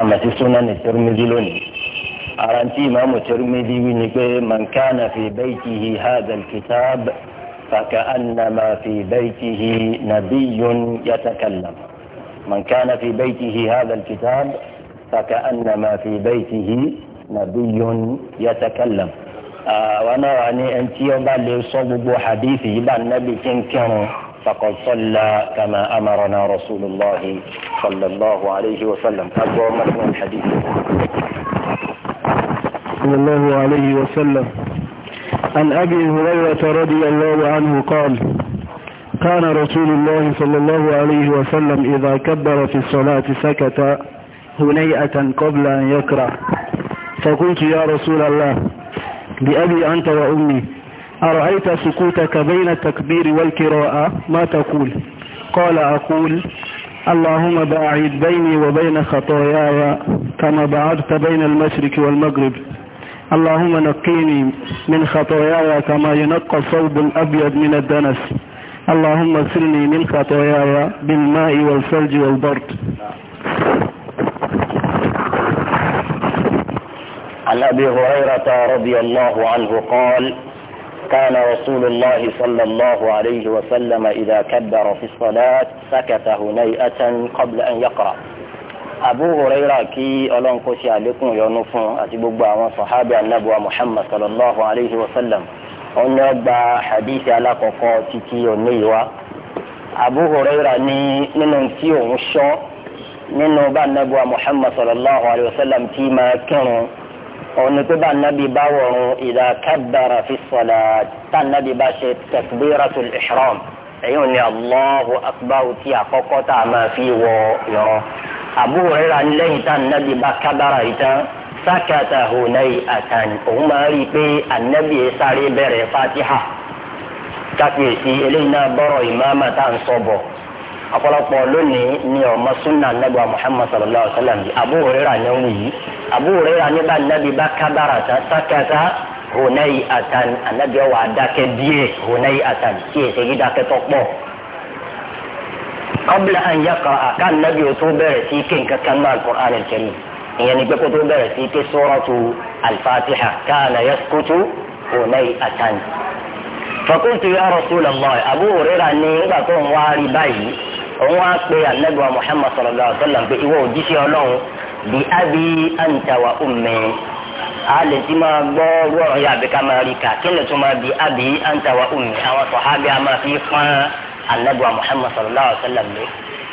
àmàtí súnánì Tirmidhi lónìí àrántí ìmáàmù Tirmidhi wí ni pé man kana fi baytihi hadha al-kitab فكأنما في بيته نبي يتكلم من كان في بيته هذا الكتاب فكأنما في بيته نبي يتكلم àwọn náà wà ní ẹni tí ó bá lè sọ gbogbo hadithi yìí bá nàbì tí ń kírun فقد صلى كما أمرنا رسول الله صلى الله عليه وسلم أبو مرحبا الحديث صلى الله عليه وسلم عن أبي هريرة رضي الله عنه قال كان رسول الله صلى الله عليه وسلم إذا كبر في الصلاة سكت هنيئة قبل أن يكره فقلت يا رسول الله بأبي أنت وأمي أرأيت سكوتك بين التكبير والقراءة ما تقول قال أقول اللهم باعد بيني وبين خطاياي كما بعدت بين المشرق والمغرب اللهم نقيني من خطاياي كما ينقى الثوب الأبيض من الدنس اللهم اغسلني من خطاياي بالماء والثلج والبرد عن أبي هريرة رضي الله عنه قال وكان رسول الله صلى الله عليه وسلم إذا كبر في الصلاة سكت هنيئة قبل أن يقرأ abu huraira kí ọlọ́run kó ṣe àlékún ìyọ́nú fún àti gbogbo àwọn sọ̀hábì anábùwà muhammad sallallahu alayhi wa sallam ọ̀nà gba hadith alákọ̀ọ́kọ́ títí òní ìwá abu huraira ní nínú tí òun ṣọ́ nínú bá anábùwà muhammad sallallahu alayhi wa sallam tí máa kírun ọ̀nà tó bá nàbí bá wọ̀run ìdá kábàrà fi sọ̀lá tá nàbí bá ṣe takbiratul ihram èyí ò ní Allahu akbar tí àkọ́kọ́ tá a máa fi wọ ìrun Abu Hurairah lẹ́yìn tá nàbí bá kábàrà yìí tán sákàtà hùnàì àtàní òun máa rí i pé ànábì sáré bẹ̀rẹ̀ fatiha kápẹ́sì eléyìí náà bọ̀rọ̀ ìmáàmà tá à ń sọ bọ̀ ọ̀pọ̀lọpọ̀ lónìí ni ọmọ sunna nabi muhammad sallallahu alaihi wa sallam abu hurairah ni wọn yìí abu hurairah ní bá nabi bá kábàrà tán sákàtà hunayi atan anabi ọwọ adakẹ díẹ̀ hunayi atan tí èsè yìí dakẹ tó pọ̀. qabla an yaqra'a ká nabi o tó bẹ̀rẹ̀ sí ké nǹkan kan náà al-Qur'an al ìyẹn ni pé tó bẹ̀rẹ̀ sí ké suratu al-Fatiha kana yaskutu hunayi atan. fakultu ya abu hurairah ní nígbà tó ń wá báyìí òun wá pe anabiwa muhammad sallallahu alaihi wa sallam pé ìwọ òjíṣẹ́ ọlọ́run bí abi anta wa ummi alẹ ti máa gbọ́ wọ́ọ̀rọ̀ yà bí ká máa rí ká kí ni tó máa bí abi anta wa àwọn sọ̀hábí a máa fi fún anabiwa muhammad sallallahu alaihi wa sallam lé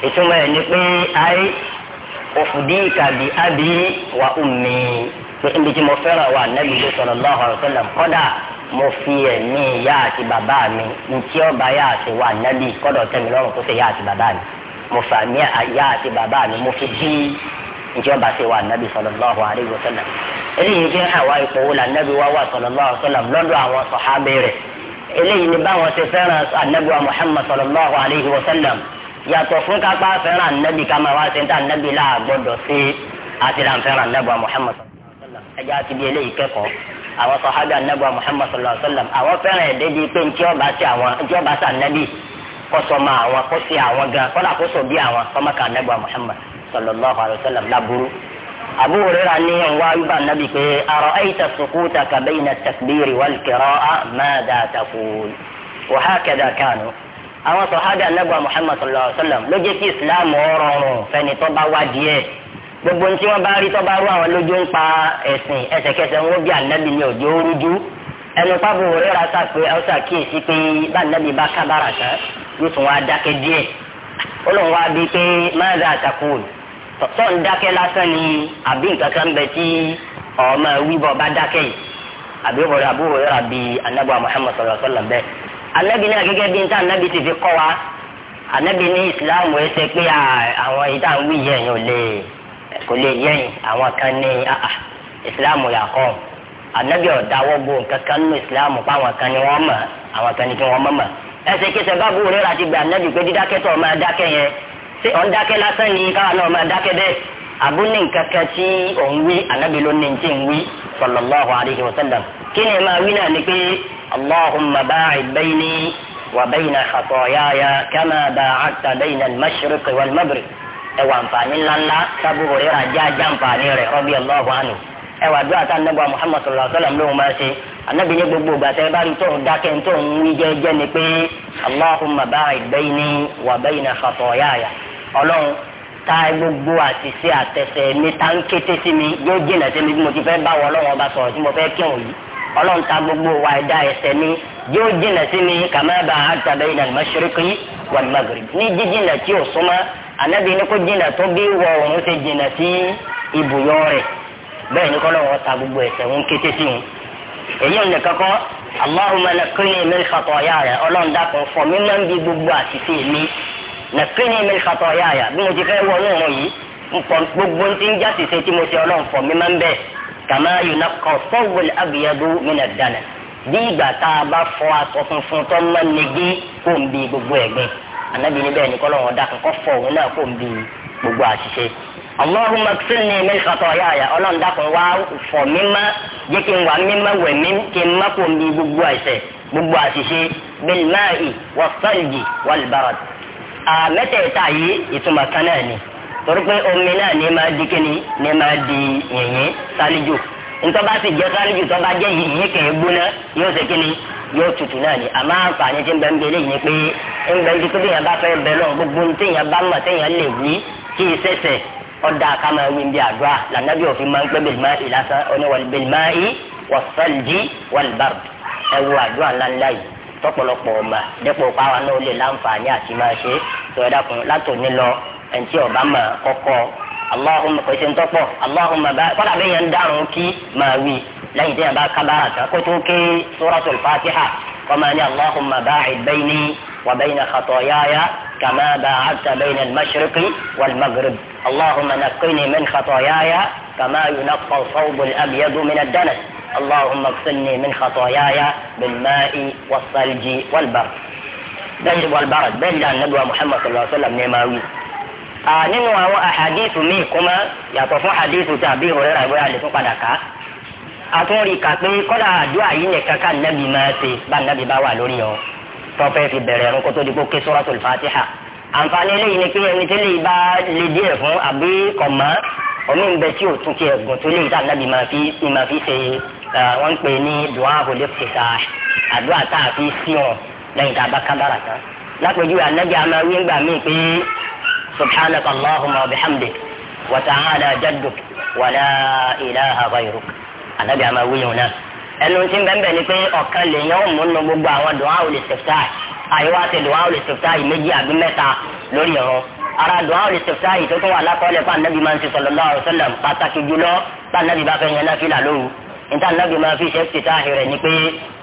ìtumọ̀ ẹ̀ ni pé ayé òfudíkà bí abi wa ummi pé ibi tí mo fẹ́ràn wa anabi sallallahu alaihi wa sallam kọ́dà mo fi ẹ̀mí ìyá àti bàbá mi ntí ọba yá àti wà nábì kọ́dọ̀ tẹ̀mí lọ́rùn kó ṣe yá àti bàbá mi mo fà mí ìyá àti bàbá mi mo fi bí ntí ọba ṣe wà nábì sallallahu alaihi wasallam eléyìí jẹ́ àwa ipò wo là nábì wá wà sallallahu alaihi wasallam lọ́dọ̀ àwọn sọ̀hábẹ́ rẹ̀ eléyìí ni báwọn ṣe fẹ́ràn ànábì wa Muhammad sallallahu alaihi wasallam yàtọ̀ fún kápá àwọn sọ̀hábì anábọ̀ Muhammad sallallahu alayhi wa sallam àwọn fẹ́ràn ẹ̀ débi pé ntí ọba sí àwọn ntí ọba sí anábì kọ́sọ́ ma àwọn kó sí àwọn gan kọ́lá kó sọ bí àwọn kọ́mọ́kà anábọ̀ Muhammad sallallahu alayhi wa sallam laburu. Abu Hurairah ní ìwà ibà anábì pé ara'ayta sukutaka bayna takbiri wal qira'a madha taqul wa hakadha kanu àwọn sọ̀hábì anábọ̀ Muhammad sallallahu alayhi wa sallam ló jẹ́ kí Islam ọ̀rọ̀ fẹ́ni tó bá wá díẹ̀ gbogbo ní tí wọ́n bá rí tó rú àwọn lójú ń pa ẹ̀sìn ẹsẹ̀kẹsẹ̀ ń wó bí ànábì ní òjò rújú ẹnu pábò rẹ́ra sá pé ọ̀sà kíyèsí pé bá ànábì bá kábàrà tán yóò tún wá dákẹ́ díẹ̀ ó lóun wá bíi pé máàdà àtàkù tọ́ ń dákẹ́ lásán ni àbí nǹkan kan bẹ tí ọmọ wíbọ̀ bá dákẹ́ yìí àbí òbòrò àbúrò rẹ́ra bí ànábì Muhammad sallallahu alaihi wasallam bẹ́ẹ̀ ànábì náà gẹ́gẹ́ bí níta ànábì ti fi kọ́ wa ànábì ní ìsìláàmù ẹsẹ̀ pé àwọn ìdáhùn yìí yẹn ò kò lè yẹn àwọn kan ní àà ìsìláàmù làkọ́ ànábì ọ̀dáwọ́ bo nǹkan kan nínú ìsìláàmù pa àwọn kan ní wọ́n mọ̀ àwọn kan ní kí wọ́n mọ̀ mọ̀ ẹsẹ̀ kẹsẹ̀ báàbù rẹ̀ láti gbà ànábì pé dídákẹ́ tó máa dákẹ́ yẹn ṣé ọ̀n dákẹ́ lásán ni káwa náà máa dákẹ́ bẹ́ẹ̀ àbú ní nǹkan kan tí òun wí ànábì ló ní tí ń wí sallallahu alayhi wa sallam kí ni máa wí náà ni pé ẹwà nfààní ńláńlá sábú òrera jẹ́ ajá nfààní rẹ̀ rọ́bì ọlọ́ọ̀bù àánú ẹwà bí àtà nàbà muhammad sallallahu alayhi wa sallam lóhùn máa ṣe anabi ní gbogbo ìgbà tẹ́ bá ń tó ń dákẹ́ ń ń wí jẹ́jẹ́ ni pé allahumma ba'id bayni wa bayna khataaya ọlọ́run ta gbogbo àṣìṣe àtẹ̀sẹ̀ mi ta ń kété sí mi yóò jìnà sí mi bí mo ti fẹ́ bá wọ ọlọ́run ọba sọ̀rọ̀ tí mo fẹ́ kírun yìí ọlọ́run ta gbogbo wa ẹ̀dá ẹ̀ṣẹ̀ mi yóò jìnà sí mi kama ba'adta bayna al-mashriqi wal-maghrib ní jíjìnà tí ò súnmọ́ anabi ní kó jìnnà tó bí wọ òun ṣe jìnnà sí ibùyọ rẹ̀ bẹ́ẹ̀ ni kọlọ wọn ta gbogbo ẹ̀ṣẹ̀ ń kété sí wọn. èyí ò nìkan kọ Allahumma naqqini min khataaya Ọlọ́run dákun fọ mi máa ń bi gbogbo àṣìṣe mi naqqini min khataaya bí mo ti fẹ́ wọ ọlọ́run yìí nǹkan gbogbo ti ń jáṣìṣe tí mo ṣe Ọlọ́run fọ mi máa ń bẹ kama yunaqqa thawbul abyadu mina ad-danas bí ìgbà tá a bá fọ aṣọ funfun tó máa ń kó ń bi gbogbo ẹ̀gbin anabi ni bẹ́ẹ̀ ni kọ́lọ́wọ́ dákun kọ́ fọ òun náà kó n bí gbogbo àṣìṣe. Allahumma kfirni min khataayaya ọlọ́run dákun wá fọ mímá jẹ́ kí n wà mímá wẹ̀ mí kí n má kó n bí gbogbo àṣẹ gbogbo àṣìṣe bil ma'i was salji wal barad. àmẹ́tẹ̀ẹ̀ta yìí ìtumọ̀ kan náà ni torí pé omi náà ní máa di kíni ní máa di yìnyín sálíjù ntọ́ bá sì jẹ́ sálíjù tó bá jẹ́ yìnyín kẹ̀ é gbóná yóò ṣe kíni yóò tutù náà ni àmọ́ àǹfààní tí ń bẹ ń bẹ léyìn pé ń bẹ ju pé téèyàn bá fẹ́ bẹ lọ́wọ́ gbogbo ní téèyàn bá mọ̀ téèyàn lè wí kí i sẹ̀sẹ̀ ọ̀dà kama wí bí àdúrà lànàbí òfin máa ń pẹ́ bẹ̀lì máa ìlàsán oníwàlì bẹ̀lì máa ì wọ̀sálìjì wàlìbàr ẹ wo àdúrà ńláńlá yìí tọ́pọ̀lọpọ̀ ọ̀ma dẹ́pọ̀ pàwọn náà ó lè láǹfààní àti máa ṣe tọ́ ẹ dákun látòní lọ ẹ̀ńtí ọ̀bá mọ̀ kọ́kọ́ اللهم كشن تفو اللهم با طلع لي ندارو كي ما وي لا يدي با كبار كوتوكي سورة الفاتحة وما ني اللهم باعد بيني وبين خطاياي كما باعدت بين المشرق والمغرب اللهم نقني من خطاياي كما ينقى الصوب الأبيض من الدنس اللهم اغسلني من خطاياي بالماء والثلج والبرد بل والبرد بل أن نبوى محمد صلى الله عليه وسلم نماوي nínú àwọn àhàdíìsù míì kó má yàtọ̀ fún àhàdíìsù tí àbí ìhòòrẹ́ rà ìwéra lè tún padà ká àtúnrí kà pé kọ́dà àdúrà yìí nìkan ká nàbì máa ṣe bá nàbì bá wà lórí ọ tọ́fẹ́ fi bẹ̀rẹ̀ ẹ̀rún kó tó di kó ké suratul Fatiha àǹfààní eléyìí ni pé ẹni tí lè bá lè díẹ̀ fún àbí kọ̀mọ́ omi ń bẹ tí ò tún ti ẹ̀gùn tó lè dá nàbì máa fi ni máa fi ṣe wọ́n ń pè ní dùá àbòlé fìṣà àdúrà tá a fi sí ọ̀ tá a bá kábàrà tán lápèjúwe سبحانك اللهم وبحمدك وتعالى جدك ولا إله غيرك àtàbí àmà wíyàn náà ẹnu tí ń bẹ́ẹ̀ bẹ́ẹ̀ ni pé ọ̀kan lèèyàn ò mú nu gbogbo àwọn dùn áwòlè sèpítà àyíwá ti dùn áwòlè sèpítà yìí méjì àbí mẹ́ta lórí ọ̀rọ̀ ara dùn áwòlè sèpítà yìí tó tún wà lákọọ́lẹ̀ fún anabi máa ń ṣe sallallahu alaihi wasallam pàtàkì jùlọ bá anabi bá fẹ́ yẹn náà fìlà lóru níta anabi máa fi ṣe sèpítà rẹ̀ ni pé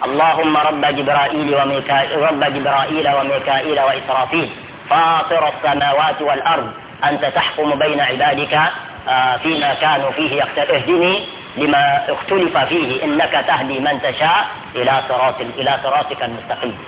allahumma rabba jibra'il wa mikail rabba jibra'il wa mikail wa israfil فاطر السماوات والأرض أنت تحكم بين عبادك آه، فيما كانوا فيه اهدني لما اختلف فيه إنك تهدي من تشاء إلى صراط إلى صراطك المستقيم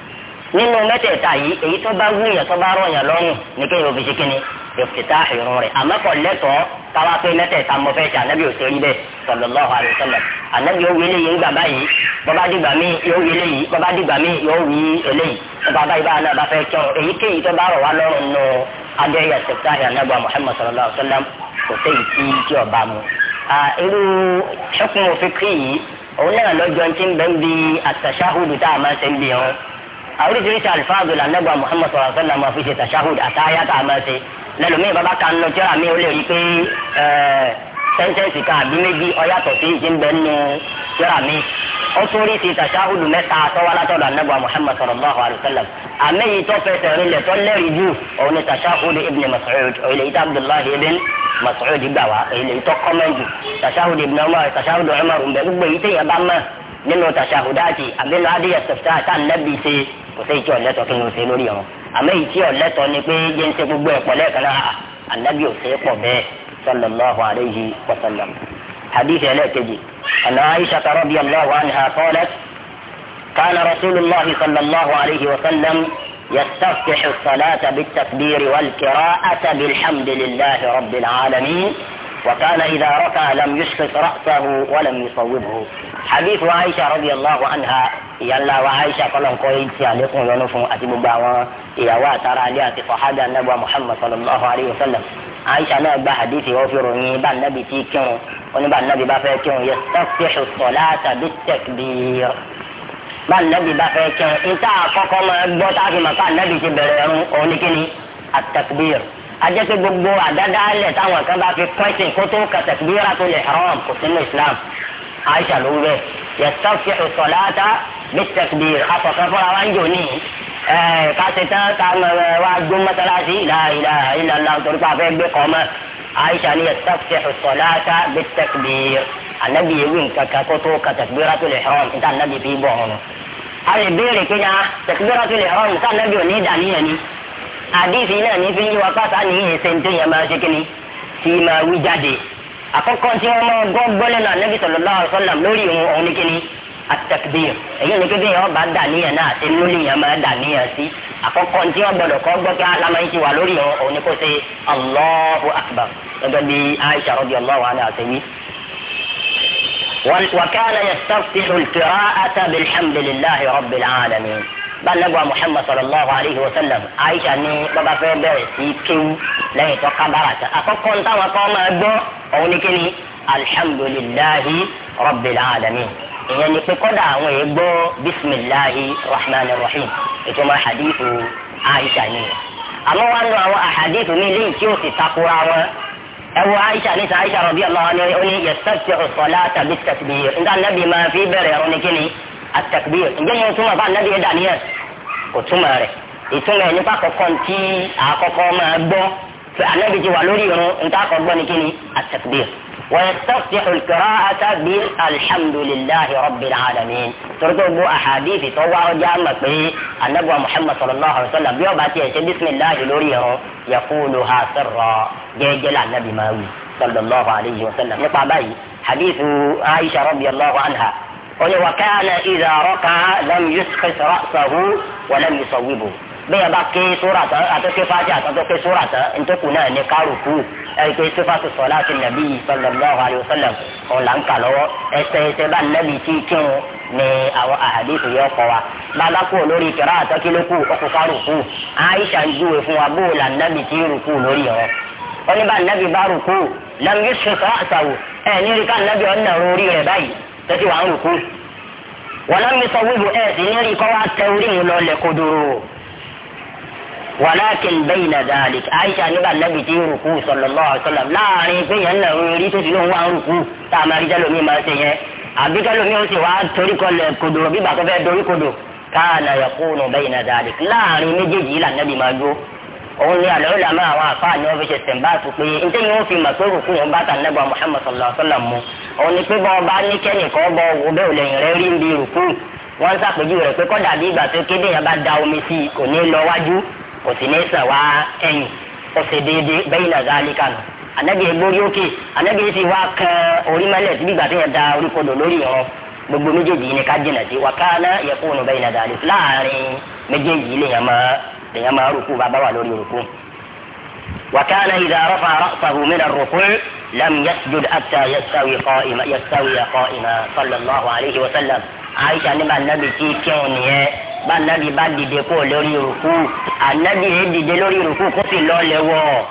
nínú mẹ́tẹ̀ẹ̀ta yìí èyí tó bá wúyàn tó bá rọ̀yàn lọ́rùn ní kí yóò fi ṣe kíni ìfìtá ìrun rẹ̀ àmọ́ kò lẹ́tọ̀ọ́ káwá pé mẹ́tẹ̀ẹ̀ta mo fẹ́ ṣe ànábì ò sẹ́yìn bẹ́ẹ̀ sallallahu alaihi wasallam ànábì ó wí eléyìí ńgbà báyìí bọ́bá dìgbà míì yóò wí eléyìí bọ́bá dìgbà míì yóò wí eléyìí bọ́bá báyìí bá náà bá fẹ́ kí ọ èyíkéyìí tó bá rọ̀ wá lọ́rùn nù adéyà sèpítà ànábì oríṣiríṣi àlùfáàgò làǹdàgbà Muhammad sọ̀rọ̀ sọ́lá máa fi ṣe tashahud àtàyà tá a máa ṣe lẹ́lòmíì bàbá kan nù tíra mi ó lè rí pé sẹ́ńtẹ́ǹsì kan àbí méjì ọ̀yàtọ̀ sí ìṣe ń bẹ nù tíra mi ó tún rí ti tashahud mẹ́ta tọ́wọ́ látọ̀dọ̀ àǹdàgbà Muhammad sallallahu alaihi wasallam àmì yìí tó fẹsẹ̀ rinlẹ̀ tó lẹ́rìí jù òun ni tashahud ibn Mas'ud òyìnbó ibn Abdullahi ibn Mas'ud gbà wá èyí kò sí ìjọ lẹ́tọ̀ kí n ṣe lórí ọ̀run àmọ́ ìtí ọ̀lẹ́tọ̀ ni pé yé ń ṣe gbogbo ẹ̀pọ̀ lẹ́ẹ̀kan náà ànábì ò ṣe é pọ̀ bẹ́ẹ̀ sallallahu alayhi wa sallam. حديث علاكجي أن عائشة رضي الله عنها قالت كان رسول الله صلى الله عليه وسلم يستفتح الصلاة بالتكبير والقراءة بالحمد لله رب العالمين وكان إذا ركع لم يسقط رأسه ولم يصوبه حديث عائشة رضي الله عنها يلا وعائشة قالوا قويت عليكم ينفوا أتبوا باوا إيوا ترى لي صحابة النبي محمد صلى الله عليه وسلم عائشة لا با حديث يوفر با النبي تي كيون ونبا النبي با فيه كيون يستفتح الصلاة بالتكبير با النبي با فيه كيون إنتا أقوكم أكبر تعفي مكان النبي تبريرون أولي كني التكبير ajẹ́ pé gbogbo àdáda alẹ̀ táwọn kan bá fi pẹ́sìn kó tó kàtàkìbíra tó lè rọ́m kò sí ní islam aisha ló wẹ̀ yẹtọ́fì ọ̀sọ̀láta bitakbir afọ̀kan fúnra wa ń jò ní kásìtán táwọn wa gbó mọ́sálásí ila ila illallah torí pé a fẹ́ gbé kọ́ mọ́ aisha ni yẹ yẹtọ́fì ọ̀sọ̀láta bitakbir anabi ewu nǹkan kan kó tó kàtàkìbíra tó lè haram níta anabi fi bọ̀ ọ̀run. a lè béèrè kéèyàn takbiratul ihram níta anabi ò ní ìdàníyàn ni àdìsí náà ní fi ń yí wa pàṣẹ àníyàn ẹsẹ̀ ní tó yẹn máa ṣe kíni tí máa wí jáde àkọ́kọ́ tí wọ́n máa gbọ́ gbọ́lẹ̀ náà Nabi sallallahu alaihi wasallam lórí òun òun ní kíni at-takbir èyí ni kébé yẹn ọba dàníyàn náà àti lórí yẹn máa dàníyàn sí àkọ́kọ́ tí wọ́n gbọ́dọ̀ kọ́ gbọ́ kí alámọ̀ yìí ti wà lórí òun òun ní kó ṣe Allahu akbar gẹ́gẹ́ bí Aisha radiyallahu anha àti wí. وكان يستفتح القراءة بالحمد bá nẹ́gbà Muhammad sallallahu alayhi wa sallam Aisha ní bàbá fẹ́ bẹ̀rẹ̀ sí kéwú lẹ́yìn tó kábàrà tán àkọ́kọ́ táwọn kan máa gbọ́ òun ní kíni alhamdulillahi rabbil alamin ìyẹn ni pé kọ́dà àwọn yẹn gbọ́ bisimilahi rahman rahim ìtumọ̀ hadithu Aisha ni àmọ́ wàá nù àwọn ahadithu mi lẹ́yìn tí ó sì takura wọn ẹwọ aisha ní sàáyíṣà rọbí ọlọ́wọ́ ni ó ní yẹsẹ̀ tí ó sọ látàbí tẹ̀síbí nígbà nàbí máa fi bẹ̀rẹ̀ ọ̀run ní kíni àtẹ̀kùbíyà ǹjẹ́ mo túmọ̀ fún anabi ẹ̀dá nìyẹn kò túmọ̀ rẹ̀ ìtumọ̀ ẹ̀ nípa kọ̀kọ́ ntí àkọ́kọ́ máa gbọ́ fẹ́ anabi ti wà lórí irun ntá kọ́ gbọ́ ni kíni àtẹ̀kùbíyà ويستفتح القراءة بالحمد لله رب العالمين ترتب أحاديث توا جامع في النبوة محمد صلى الله عليه وسلم بيوباتي بسم الله لوريه يقولها سرا جيجل النبي ماوي صلى الله عليه وسلم يقع باي حديث عائشة رضي الله عنها ọ̀yẹ̀ wà káàna ìdá ọ̀rọ̀ka lẹ́m yusuf sọ̀hù wà lẹ́m yusawibu bẹ́ẹ̀ bá ké sóra tán àtọ́ké fàájì àtọ́ké sóra tán ntòkù náà ní kárùkù ẹ̀rí pé sífàtú sọ̀lá ti nàbí sallallahu alaihi wasallam ọ̀hún là ń kà lọ́wọ́ ẹsẹ̀ ẹsẹ̀ bá nàbí tí kírun ní àwọn àhàdìsì yọ kọ́ wa bàbá kú lórí kẹrẹ àtọ́ké lókù ọkù kárùkù Aisha ń júwe fún wa bó la nàbí tí rùkù lórí ọ̀ oníbà nàbí bá rùkù lẹ́m yusuf sọ̀rọ̀ àtàwò ẹ̀ ní tẹ́tí wàá rò kú. wọ́n lámì sọ wíwò ẹ̀ sí ní rí kọ́ wá tẹ orí yìí lọ lẹ̀ kodoro. wàlákin bẹ́yìn náà dáadé àyíṣà nígbà nábì tí rò kú sallallahu alaihi wasallam láàrin pé yẹn náà rí tó ti lóun wá rò kú tá a máa rí jálòmí máa ṣe yẹn àbí jálòmí ó sì wá torí kọ lẹ̀ kodoro bí bàtọ́ fẹ́ dorí kodò káàna yakunu bẹ́yìn náà dáadé láàrin méjèèjì là nábì máa dúró òun ni àlọ́ ìlànà àwọn àfáà ni wọ́n fi ṣe sẹ̀ǹbáàtù pé ntẹ́yìn fi mà pé rùkú yẹn bá ta nẹ́bà Muhammad sallallahu alaihi wasallam mu òun ni pé bọ́n ọba ní kẹ́nìkan bọ òbẹ́ ò lẹ́yìn rẹ rí ibi ìrùkú wọ́n ṣàpèjúwe rẹ̀ pé kọ́dà bí ìgbà tó kéde yẹn bá da omi sí i kò ní lọ wájú kò sì ní sàn wá ẹ̀yìn ó ṣe déédéé bẹ́yìn náà záálí kànú ànábì egbórí òkè ànábì ti wá kan orí mẹ́lẹ̀ síbi ìgbà tó yẹn da orí lórí ìran gbogbo méjèèjì ni ká jìnà sí wàkánà yẹ fóònù bẹ́yìn náà záálí láàrin méjèèjì lèèyàn máa lèèyàn bàbá wà lórí rúkú wàkánà ìdá rọ́fà rọ́fà لم يسجد حتى يستوي قائما يستوي قائما صلى الله عليه وسلم عائشة nígbà nàbì tí kẹ́hìn nìyẹn bá nàbì bá dìde kó lórí rùkú ànàbì yẹn dìde lórí rùkú kó sì lọ lẹ́wọ́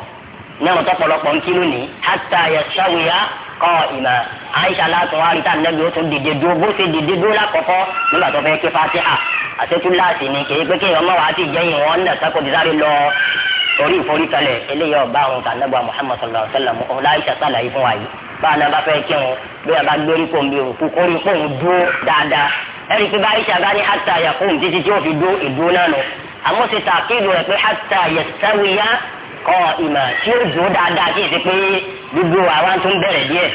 ní àwọn tọpọlọpọ ń kí lónìí hatta yasawiya qa'ima àyíṣà látọ̀ àríta nẹ́bí ó tún dìde dúró bó ṣe dìde dúró lákọ̀ọ́kọ́ nígbà tó fẹ́ ké fatiha àtẹ́tù láàsì ni kì í pé kéèyàn mọ̀ wá ti jẹ́yìn wọn nà sáko ti sáré lọ torí ìforíkalẹ̀ eléyà ọba àwọn tà nẹ́bà Muhammad sallallahu alayhi wa sallam ọ̀la àyíṣà sàlàyé fún wa yìí báwa náà bá fẹ́ kírun bí a bá gbérí kò ń bí òkú kórí kò ń dúró dáadáa ẹni tí bá àyíṣà bá ní hàtà yàkùn títí tí ó fi dúró ìdúró gbogbo àwa tó ń bẹ̀rẹ̀ díẹ̀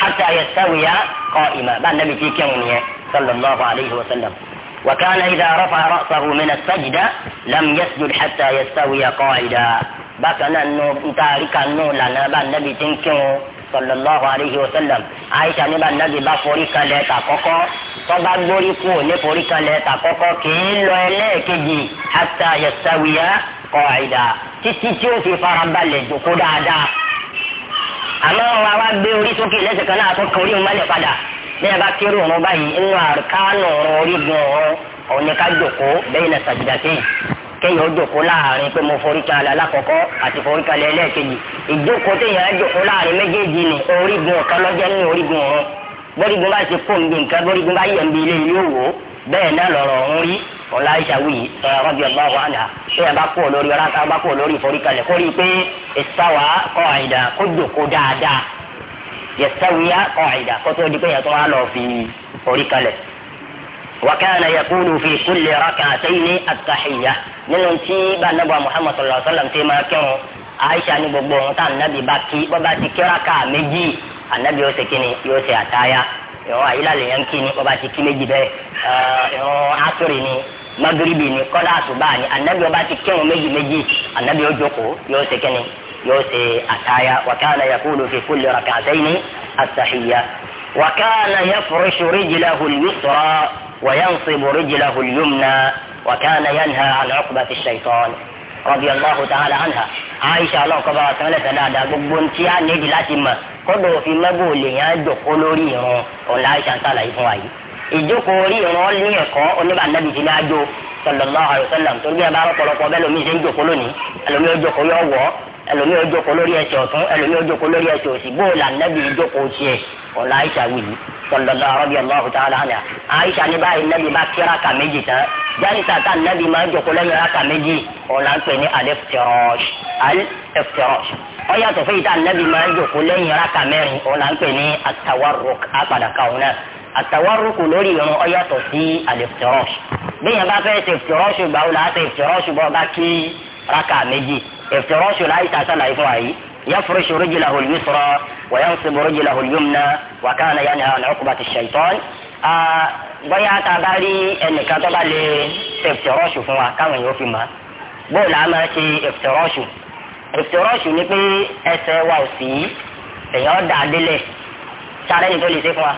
hata yastawiya qa'ima bá nàbì tí kẹ́hùn nìyẹn sallallahu alayhi wa sallam. وكان إذا رفع رأسه من السجدة لم يسجد حتى يستوي قاعدا bákan náà nù ntaarika nù lànà bá nàbì tí ń kírun sallallahu alayhi wa sallam aisha ní bá nàbì bá forí kalẹ̀ tà kọ́kọ́ tọ́ba gbórí kú ní forí kalẹ̀ tà kọ́kọ́ kìí lọ ẹlẹ́ẹ̀kejì hatta yastawiya qaida títí tí ó fi farabalẹ̀ jòkó dáadáa àmọ́ wa wá gbé orí sókè lẹ́sẹ̀ kan náà tó kan orí mọ́lẹ̀ padà bí a bá kéré òun báyìí inú àrùkánù ọ̀rọ̀ orígun ọ̀rọ̀ òun ni ká jòkóó bẹ́yìn náà sàjìdàtẹ́yìn kéèyàn ó jòkó láàrin pé mo foríkalẹ̀ alákọ̀ọ́kọ́ àti foríkalẹ̀ ẹlẹ́ẹ̀kejì ìjókòó téèyàn á jòkó láàrin méjèèjì ni orígun ọ̀kan lọ́jọ́ ní orígun ọ̀run bórígun bá ṣe kó nǹkan bórígun bá yẹ̀ ń bi ilé ilé òwò bẹ́ẹ̀ náà lọ̀rọ̀ ọ̀hún ọ̀la ìṣàwí rọ́bì ọlọ́wọ́ àná ṣé ẹ bá kú ọ lórí ọlọ́ta bá kú ọ lórí ìforíkalẹ̀ kó rí i pé ìsáwà kọ́ àìdá kó jòkó dáadáa yẹsáwìyá kọ́ àìdá kó tó di pé yẹtọ́ wa lọ fi ìforíkalẹ̀. وكان يقول في كل ركعتين التحية nínú tí bá nàbà muhammad sallallahu alaihi wa sallam ti máa kírun aisha ní gbogbo ohun tá ànábì bá kí bọ́ba ti kí raka méjì ànábì yóò ṣe kíni yóò ṣe àtáyà ìrún àyílà lèyàn kí ni bọ́ba ti kí méjì bẹ́ẹ̀ ìrún àtúrì ni magribi ni kọ́lá àsùbá ni anabi ọba ti kírun méjì méjì anabi ó jókòó yóò ṣe kíni yóò ṣe àtàyà wàkàna yakulu fi kulli rak'atayni àtàhìyà wàkàna yafrushu rijlahu al-yusra وينصب رجله اليمنى وكان ينهى عن عقبة الشيطان رضي الله تعالى عنها عائشة الله كبرى سنة سنادة gbogbo tí a nídi láti mọ̀ kọ́dọ̀ òfin mẹ́gbò lèèyàn jòkó lórí ìrun ìjókòó orí ìran lé ẹ̀kọ́ oníbà nàbì ti láàjò sallallahu alaihi wasallam torí bí a bá rọpọlọpọ bẹ́ẹ̀ lómi ṣe ń jókòó lónìí ẹlòmí ojókòó yọ wọ ẹlòmí ojókòó lórí ẹsẹ̀ ọ̀tún ẹlòmí ojókòó lórí ẹsẹ̀ òsì bó la nàbì ìjókòó tiẹ̀ ọ̀la àyíṣà wìlì sallallahu radiyallahu ta'ala anha àyíṣà ní báyìí nàbì bá kíra kà méjì tán járíta tá nàbì máa jókòó lẹ́yìn rákà méjì ọ̀la ń pè lẹ́yìn rákà mẹ́rin ọ̀la ń pè ní at-tawarruk apàdàkà náà àtàwárùkù lórí ìrún ọyọ́tọ̀ sí àlèftìrọ́ṣ bíyẹn bá fẹ́ ṣe ìftìrọ́ṣ gbà ó láti ìftìrọ́ṣ bọ́ bá kí raka méjì ìftìrọ́ṣ láì ta sálàyé fún àyí يفرش رجله اليسرى وينصب رجله اليمنى وكان ينهى عن عقبة الشيطان bóyá tá a bá rí ẹnìkan tó bá lè ṣe ìftìrọ́ṣù fún wa káwọn yóò fi mọ̀ bóòlù á máa ṣe ìftìrọ́ṣù ìftìrọ́ṣù ni pé ẹsẹ̀ wa ò sí èèyàn dà á délẹ̀ sáré ni tó lè ṣe fún wa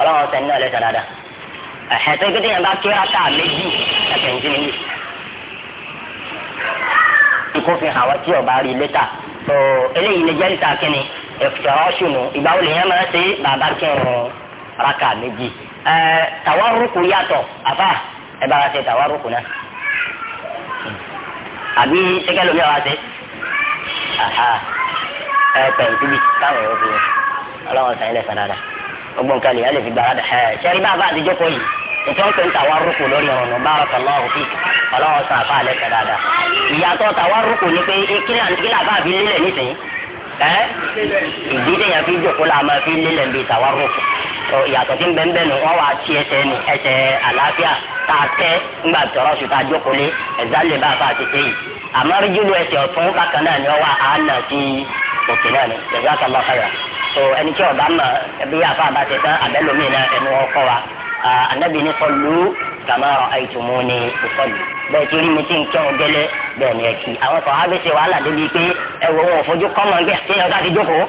ọlọ́run ọ̀sẹ̀ náà lẹ́sẹ̀ dáadáa ẹ̀ẹ́dẹ́ gbé téèyàn bá kí ata méjì ẹ̀sẹ̀ ń jìnnì ikú fi hàn wá tí ọba rí lẹ́tà tó eléyìí lè jẹ́ ìta kínní ẹ̀fọ́ṣù nù ìgbà wo lèèyàn máa ṣe bàbá kẹrin raka méjì ẹ̀ẹ́ tàwárùkù yàtọ̀ àfà ẹ̀ bá wa ṣe tàwárùkù náà àbí ṣẹ́gẹ́ lómi àwa ṣe ẹ̀ pẹ̀lú síbi táwọn èèyàn fi ọlọ́run sàn ilẹ̀ sàn dáadáa ọgbọ́n kan nìyẹn lè fi gbára dà ẹ̀ sẹ́rí bá a bá àdìjọ́ kọ́ yìí nítorí pé ń tàwa rúkù lórí ọ̀rọ̀ barakallahu fik ọlọ́wọ́ sọ àfa alẹ́ kẹ dáadáa ìyàtọ̀ tàwa rúkù ni pé kílà kílà bá a fi lélẹ̀ nísìnyí ẹ́ ìdílé yẹn fi jòkó la máa fi lélẹ̀ bí tàwa rúkù ìyàtọ̀ tí ń bẹ́ẹ̀ bẹ́ẹ̀ nù wọ́n wá ti ẹsẹ̀ nù ẹsẹ̀ àlàáfíà tá a tẹ́ ńgbà tọrọ sùn tá a lé ẹ̀dá lè bá a fa àti téyì àmọ́ so ẹni tí ọba mọ ẹbí àfa bá ti tán abẹ́lómi náà ẹnu ọkọ wa anabi ní sọlú kàmáàrọ àìtùmú ní ìsọlù bẹ́ẹ̀ tí mi tí ń kí wọn gẹ́lẹ́ bẹ́ẹ̀ ni ẹ kí àwọn sọ wá bí ṣe wàhálà débi pé ẹ wọ wọn òfojú kọmọ gbé kí ọjà ti jókòó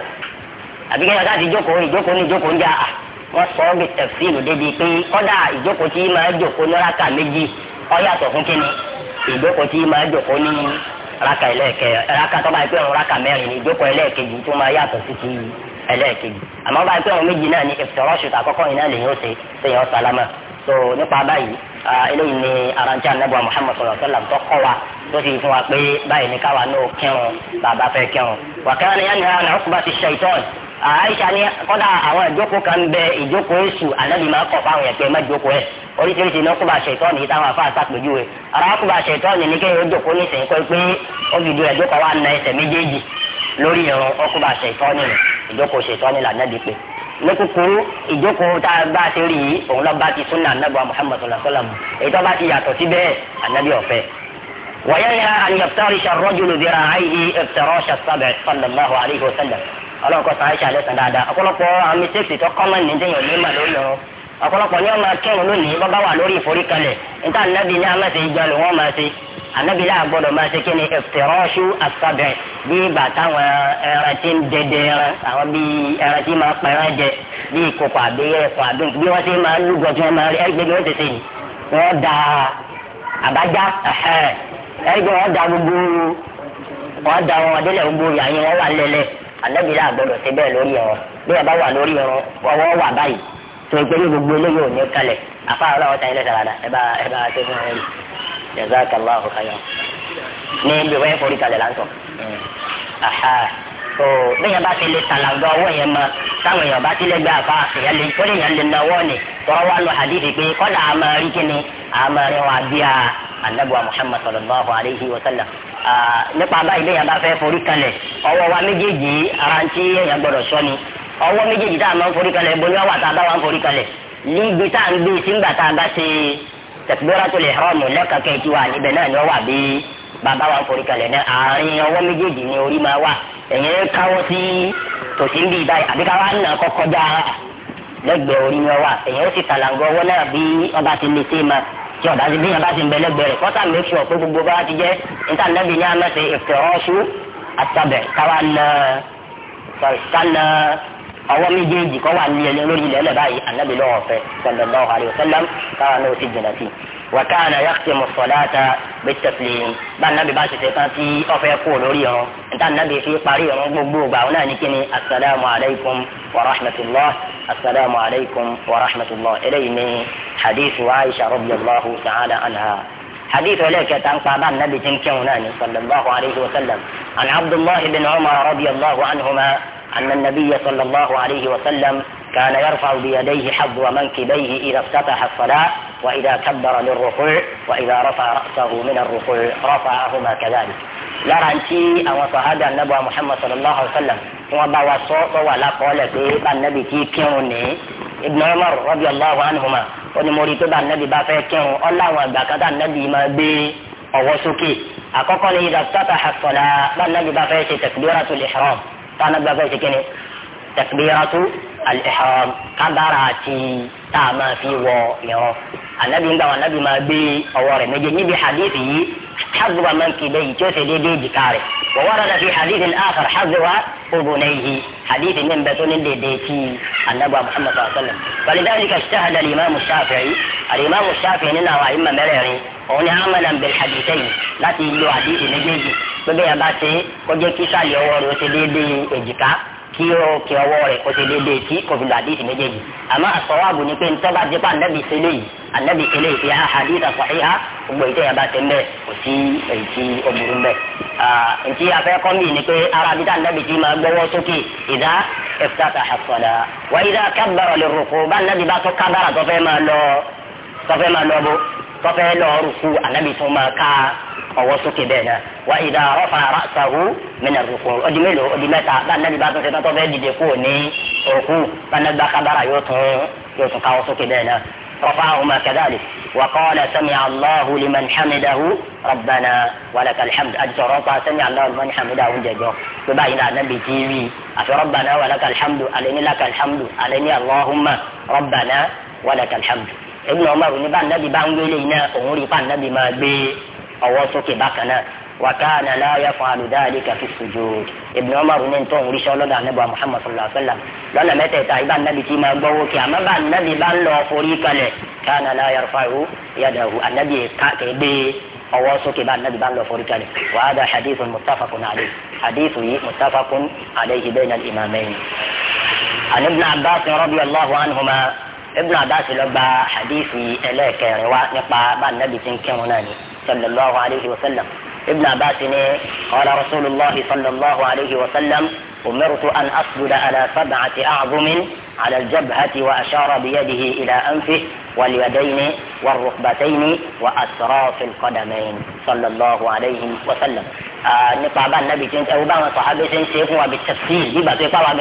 àbí kí ọjà ti jókòó ìjókòó ní ìjókòó ń jà à wọn sọ bí tẹfsíìlù débi pé kódà ìjókòó tí máa jókòó ní raka méjì ó yàtọ̀ fún kíni ìjókòó tí máa jókòó ní raka ẹlẹ́ẹ̀kẹ raka tó bá yẹ pé òun raka mẹ́rin ìjókòó ẹlẹ́ẹ̀kejì tó máa yàtọ̀ sí ti ẹlẹ́ẹ̀kejì àmọ́ bá a pé àwọn méjì náà ní ìfìtọ́rọ́ṣù àkọ́kọ́ yìí náà lèyìn ó ṣe ṣèyàn ọ̀sálámà so nípa báyìí eléyìí ni arantí anábọ̀ Muhammad sọ̀rọ̀ sọ́là tó kọ́ wa tó sì fún wa pé báyìí ní káwa náà kírun bàbá fẹ́ kírun wàkàrà ni yẹn ní àwọn ọkùnrin bá ti ṣe ìtọ́n àyíṣà ni kọ́dà àwọn ìjókòó kan bẹ ìjókòó èṣù ànábì máa kọ̀ fáwọn ẹ̀pẹ́ má jókòó ẹ̀ oríṣiríṣi ní ọkùnrin àṣẹ ìtọ́ni yìí táwọn afáà sàpèjúwe ara ọkùnrin àṣẹ ìtọ́ni ni kéèyàn jókòó nísìnyí kọ́ pé ó fi du ẹ̀jókòó wa na ẹsẹ̀ méjèèjì lórí ìrún ọkùnrin àṣẹ ìtọ́ni ìjókòó ṣètọ́ni là nẹ́bi pé lókùkúrú ìjókòó tá a bá a ṣe rí yìí òun lọ bá ti súnà anábọ̀ Muhammad sallallahu alayhi wa sallam èyí tó bá ti yàtọ̀ sí bẹ́ẹ̀ anábì ọ̀fẹ́. wọ́yẹ́yà àyẹ̀fẹ́rìṣà rọ́jòlù bíra àìyí ẹ̀fẹ́rọ́ṣà sábẹ̀ sallallahu alayhi wa sallam ọlọ́run kọ́ sàn ọ̀pọ̀lọpọ̀ yóò máa kẹ́hìn lónìí bọ́ bá wà lórí ìforíkalẹ̀ níta ànábì ní amáṣe ìjọ ló wọ́n máa ṣe ànábì náà gbọ́dọ̀ máa ṣe kí ni ẹ̀fẹ̀rọ́ṣù àfàbẹ̀ bí ìgbà táwọn ẹran tí ń dẹdẹ ẹran àwọn bí ẹran tí máa pa ẹran jẹ bí ìkòkò àbí ẹ̀kọ́ àbí bí wọ́n ṣe máa lúgọ tí wọ́n máa rí ẹgbẹ́ bí wọ́n ti ṣe yìí wọ́n da àbájá ẹgbẹ́ wọ́n da gbogbo wọ́n da wọn délẹ̀ gbogbo yàyìn wọ́n wà lẹ́lẹ̀ ànábì náà ṣe bẹ́ẹ̀ lórí ẹ̀rọ bí wọ́n bá wà lórí ẹ̀rọ ọwọ́ wà báyìí tó ń gbẹ́yìn gbogbo eléyìí ò ní kalẹ̀ afa ọlọ́wọ́ ta ilé sàràdà ẹ bá ẹ bá tó fún ẹ rí jazakallahu khayran ní ibi wọ́n yẹ forí kalẹ̀ láǹtọ̀ so bẹ́ẹ̀ bá ti lè tàlàgbọ́ ọwọ́ yẹn mọ táwọn èèyàn bá ti lè gbé àfa èèyàn lè kọ́lé èèyàn lè náwó ni tọ́wọ́ wà lọ hadithi pé kọ́lá àmọ́ rí kíni àmọ́ rí wọn muhammad sallallahu alayhi wa sallam nípa báyìí bẹ́ẹ̀ bá fẹ́ forí kalẹ̀ ọwọ́ wa méjèèjì ara ń gbọ́dọ̀ sọ ọwọ́ méjèèjì tá a máa ń forí kalẹ̀ ìbò ní ọwọ́ àtàbá wa ń forí kalẹ̀ níbi tá a ń gbé sígbà tá a bá ṣe takbiratul ihram lẹ́ka kẹ́ẹ̀tì wa níbẹ̀ náà ni ọwọ́ àbí bàbá wa ń forí kalẹ̀ náà àárín ọwọ́ méjèèjì ni orí máa wà ẹ̀yìn káwọ́ sí tòsí ń bí báyìí àbí káwá nà kọ́kọ́ já lẹ́gbẹ̀ẹ́ orí ni ọwọ́ ẹ̀yìn ó sì tàlàngọ́ ọwọ́ náà bí ọba ti lè ṣe máa tí ọ̀dà ti bíyànjú láti bẹ lẹ́gbẹ̀ẹ́ rẹ̀ kọ́tà make sure pé gbogbo bá ti jẹ́ níta nẹ́bí ní amẹ́sẹ̀ ìfẹ̀rọ̀ṣù àtàbẹ̀ káwa nà sorry ká nà àwọn méjèèjì kọ́ wà ní ẹni lórí ilẹ̀ ẹlẹ́bàáyé anabi lọ́wọ́ fẹ́ sallallahu alayhi wa sallam káwọn náà ti jìnnà sí wa kana yakhtimu salata bitaslim bá nàbí bá sese kan tí ọfẹ kú lórí ọrùn níta nàbí fi parí ọrùn gbogbo ọgbà ọ̀hún náà ní kíni asalaamu alaykum wa rahmatulah asalaamu alaykum wa rahmatulah eléyìí ni hadith wa aisha radiyallahu ta'ala anha hadith ẹlẹ́kẹta ń pa bá nàbí tí ń kírun náà ní sallallahu alayhi wa an abdullahi bin umar radiyallahu anhuma. أن النبي صلى الله عليه وسلم كان يرفع بيديه حظ ومنكبيه إذا افتتح الصلاة وإذا كبر للركوع وإذا رفع رأسه من الركوع رفعهما كذلك لا رأيتي أن وصهد النبي محمد صلى الله عليه وسلم هو بوا صوت ولا قول فيه النبي تي كيوني ابن عمر رضي الله عنهما وني موريت النبي بافي كيو الله وبركات النبي ما بي أو وسوكي إذا افتتح الصلاة النبي بافي تكبيرة الإحرام tá a náà gbàgbọ́ ìṣe kíni takbiratu al-ihram kábàárà àti tá a máa fi wọ ìrọ̀ anabi ń gbà wọn anabi máa gbé ọwọ́ rẹ̀ méje níbi hadith yìí xazuwa mankide yìí tí ó ṣe déédéé jìkà rẹ̀ wọ́n wọ́n rẹ̀ fi hadith al-akhar xazuwa ubunayhi hadith ní bẹ́ẹ̀ tó ní déédéé tí anabi muhammad sallallahu alayhi wa sallam walidhalika ijtahada al-imaamu shafi'i al-imaamu shafi'i nínú àwọn àyè mẹ́rẹ̀ẹ̀rin òun ni amalan bil hadithayn láti lo hadith méjèèjì gbogbo yẹn bá ṣe kọjá kí sàlẹ̀ ọwọ́ rẹ̀ ó ṣe déédéé èjìká kí ó kí ọwọ́ rẹ̀ ó ṣe déédéé tí kò fi làdí ìsìnméjèèjì àmọ́ àsọ̀rọ̀ àbò ni pé ń tọ́ba jẹ́ pé ànábì ṣẹlẹ̀ yìí ànábì ṣẹlẹ̀ yìí á hadith sahiha gbogbo ìtẹ́ yẹn bá ṣe ń bẹ̀ kò sí èyí tí ó burú bẹ̀. ntí afẹ́ kọ́mbì ni pé ara bíi ànábì ti máa gbọ́wọ́ sókè ìdá ẹ̀fúdàtà àfọ̀dà wà ìdá kábàrọ̀ lè rúkú bá ànábì bá tó kábàrà tó fẹ́ máa lọ ọwọ́ sókè bẹ́ẹ̀ náà wà ìdá rọ́fà ràṣàhù mẹ́nà rúkú ọdí mélòó ọdí mẹ́ta bánàbí bá tún ṣe tọ́tọ́ bẹ́ẹ̀ dìde kúrò ní òkú bánàbí bá kábàrà yóò tún yóò tún káwọ́ sókè bẹ́ẹ̀ náà رفعهما كذلك وقال سمع الله لمن حمده ربنا ولك الحمد أجر رفع سمع الله لمن حمده جدو بباين النبي تيوي أفي ربنا ولك الحمد أليني لك الحمد أليني اللهم ربنا ولك الحمد ابن عمر نبا النبي بان ويلينا أموري فان نبي ما بي ọwọ́ sókè bákan náà wàkàna láyà fún alùdáàlì kàfi sujud Ibn Umar ní ntọ́ oríṣi ọlọ́dà anábọ̀ Muhammad sallallahu alayhi wa sallam lọ́nà mẹ́tẹ̀ẹ̀ta ibà nàbì kí máa gbọ́ wókè àmọ́ bá nàbì bá ń lọ forí kalẹ̀ kàna láyà rúfàáhù yàdàhù ànàbì kàkébé ọwọ́ sókè bá nàbì bá ń lọ forí kalẹ̀ wàhádà hadith muttafaqun alayhi hadith yìí muttafaqun alayhi bayna al-imamayn. an Ibn Abbas radiyallahu anhuma Ibn Abbas ló gba hadith صلى الله عليه وسلم ابن عباس قال رسول الله صلى الله عليه وسلم أمرت أن أسجد على سبعة أعظم على الجبهة وأشار بيده إلى أنفه واليدين والركبتين وأسراف القدمين صلى الله عليه وسلم nípa آه، النبي nàbì tí ń tẹ́wọ́ báwọn sọ̀hábẹ́ ṣe ń ṣe النبي باي الله tafsir bí bàtẹ́ pàwọn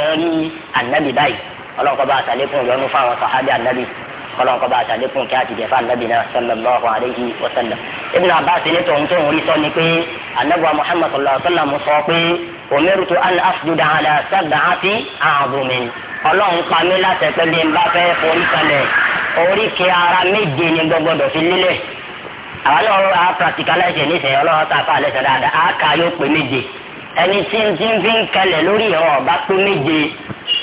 mẹ́rin kọlọ́n kọ́ bá àtàlékún kí àtijọ́ fún anabi náà sallallahu alayhi wa sallam. ibn abbas ní tòun tó ń rí sọ ni pé anabi muhammad sallallahu alayhi wa sallam sọ pé umirtu an asjuda ala sab'ati a'zumin. ọlọ́run pa mí láti pé bí n bá fẹ́ forí kalẹ̀ oríkèé ara méje ni gbọ́gbọ́dọ̀ fi lílẹ̀. àwọn ọlọ́run á practicalize ẹ̀ nísìnyí ọlọ́run tá a fà á lẹ́sẹ̀ dáadáa á kà yóò pé méje ẹni tí ń fi ń kalẹ̀ lórí ìrọ̀ ọ̀bá pé méje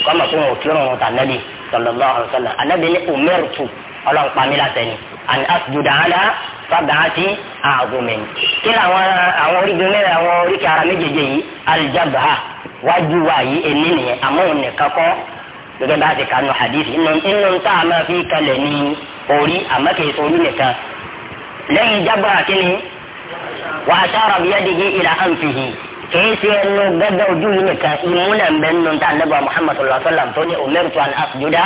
kọ́mọ̀ fún òkúrò ọ̀tàn náà sallallahu alaihi wa sallam anabi ni umertu ọlọ́run pa mí látẹni and asjuda ala fàbàtì àgùnmẹ̀yìn kí làwọn àwọn orígun mẹ́rin àwọn oríkì ara méjèèjì yìí aljabha wájú wa yìí èmi nìyẹn àmọ́ òun nìkan kọ́ gẹ́gẹ́ bá ti kanu hadithi inú inú tá a máa fi kalẹ̀ ní orí àmọ́ kì sọ orí nìkan lẹ́yìn jabra kí ni wa ashara biyadihi ila anfihi kìí ṣe ẹnu gbọ́dọ̀ ojú yìí nìkan ìmúlẹ̀ ń bẹ nínú tá àlẹ́bà muhammad sallallahu alayhi wa sallam tó ní umirtu an asjuda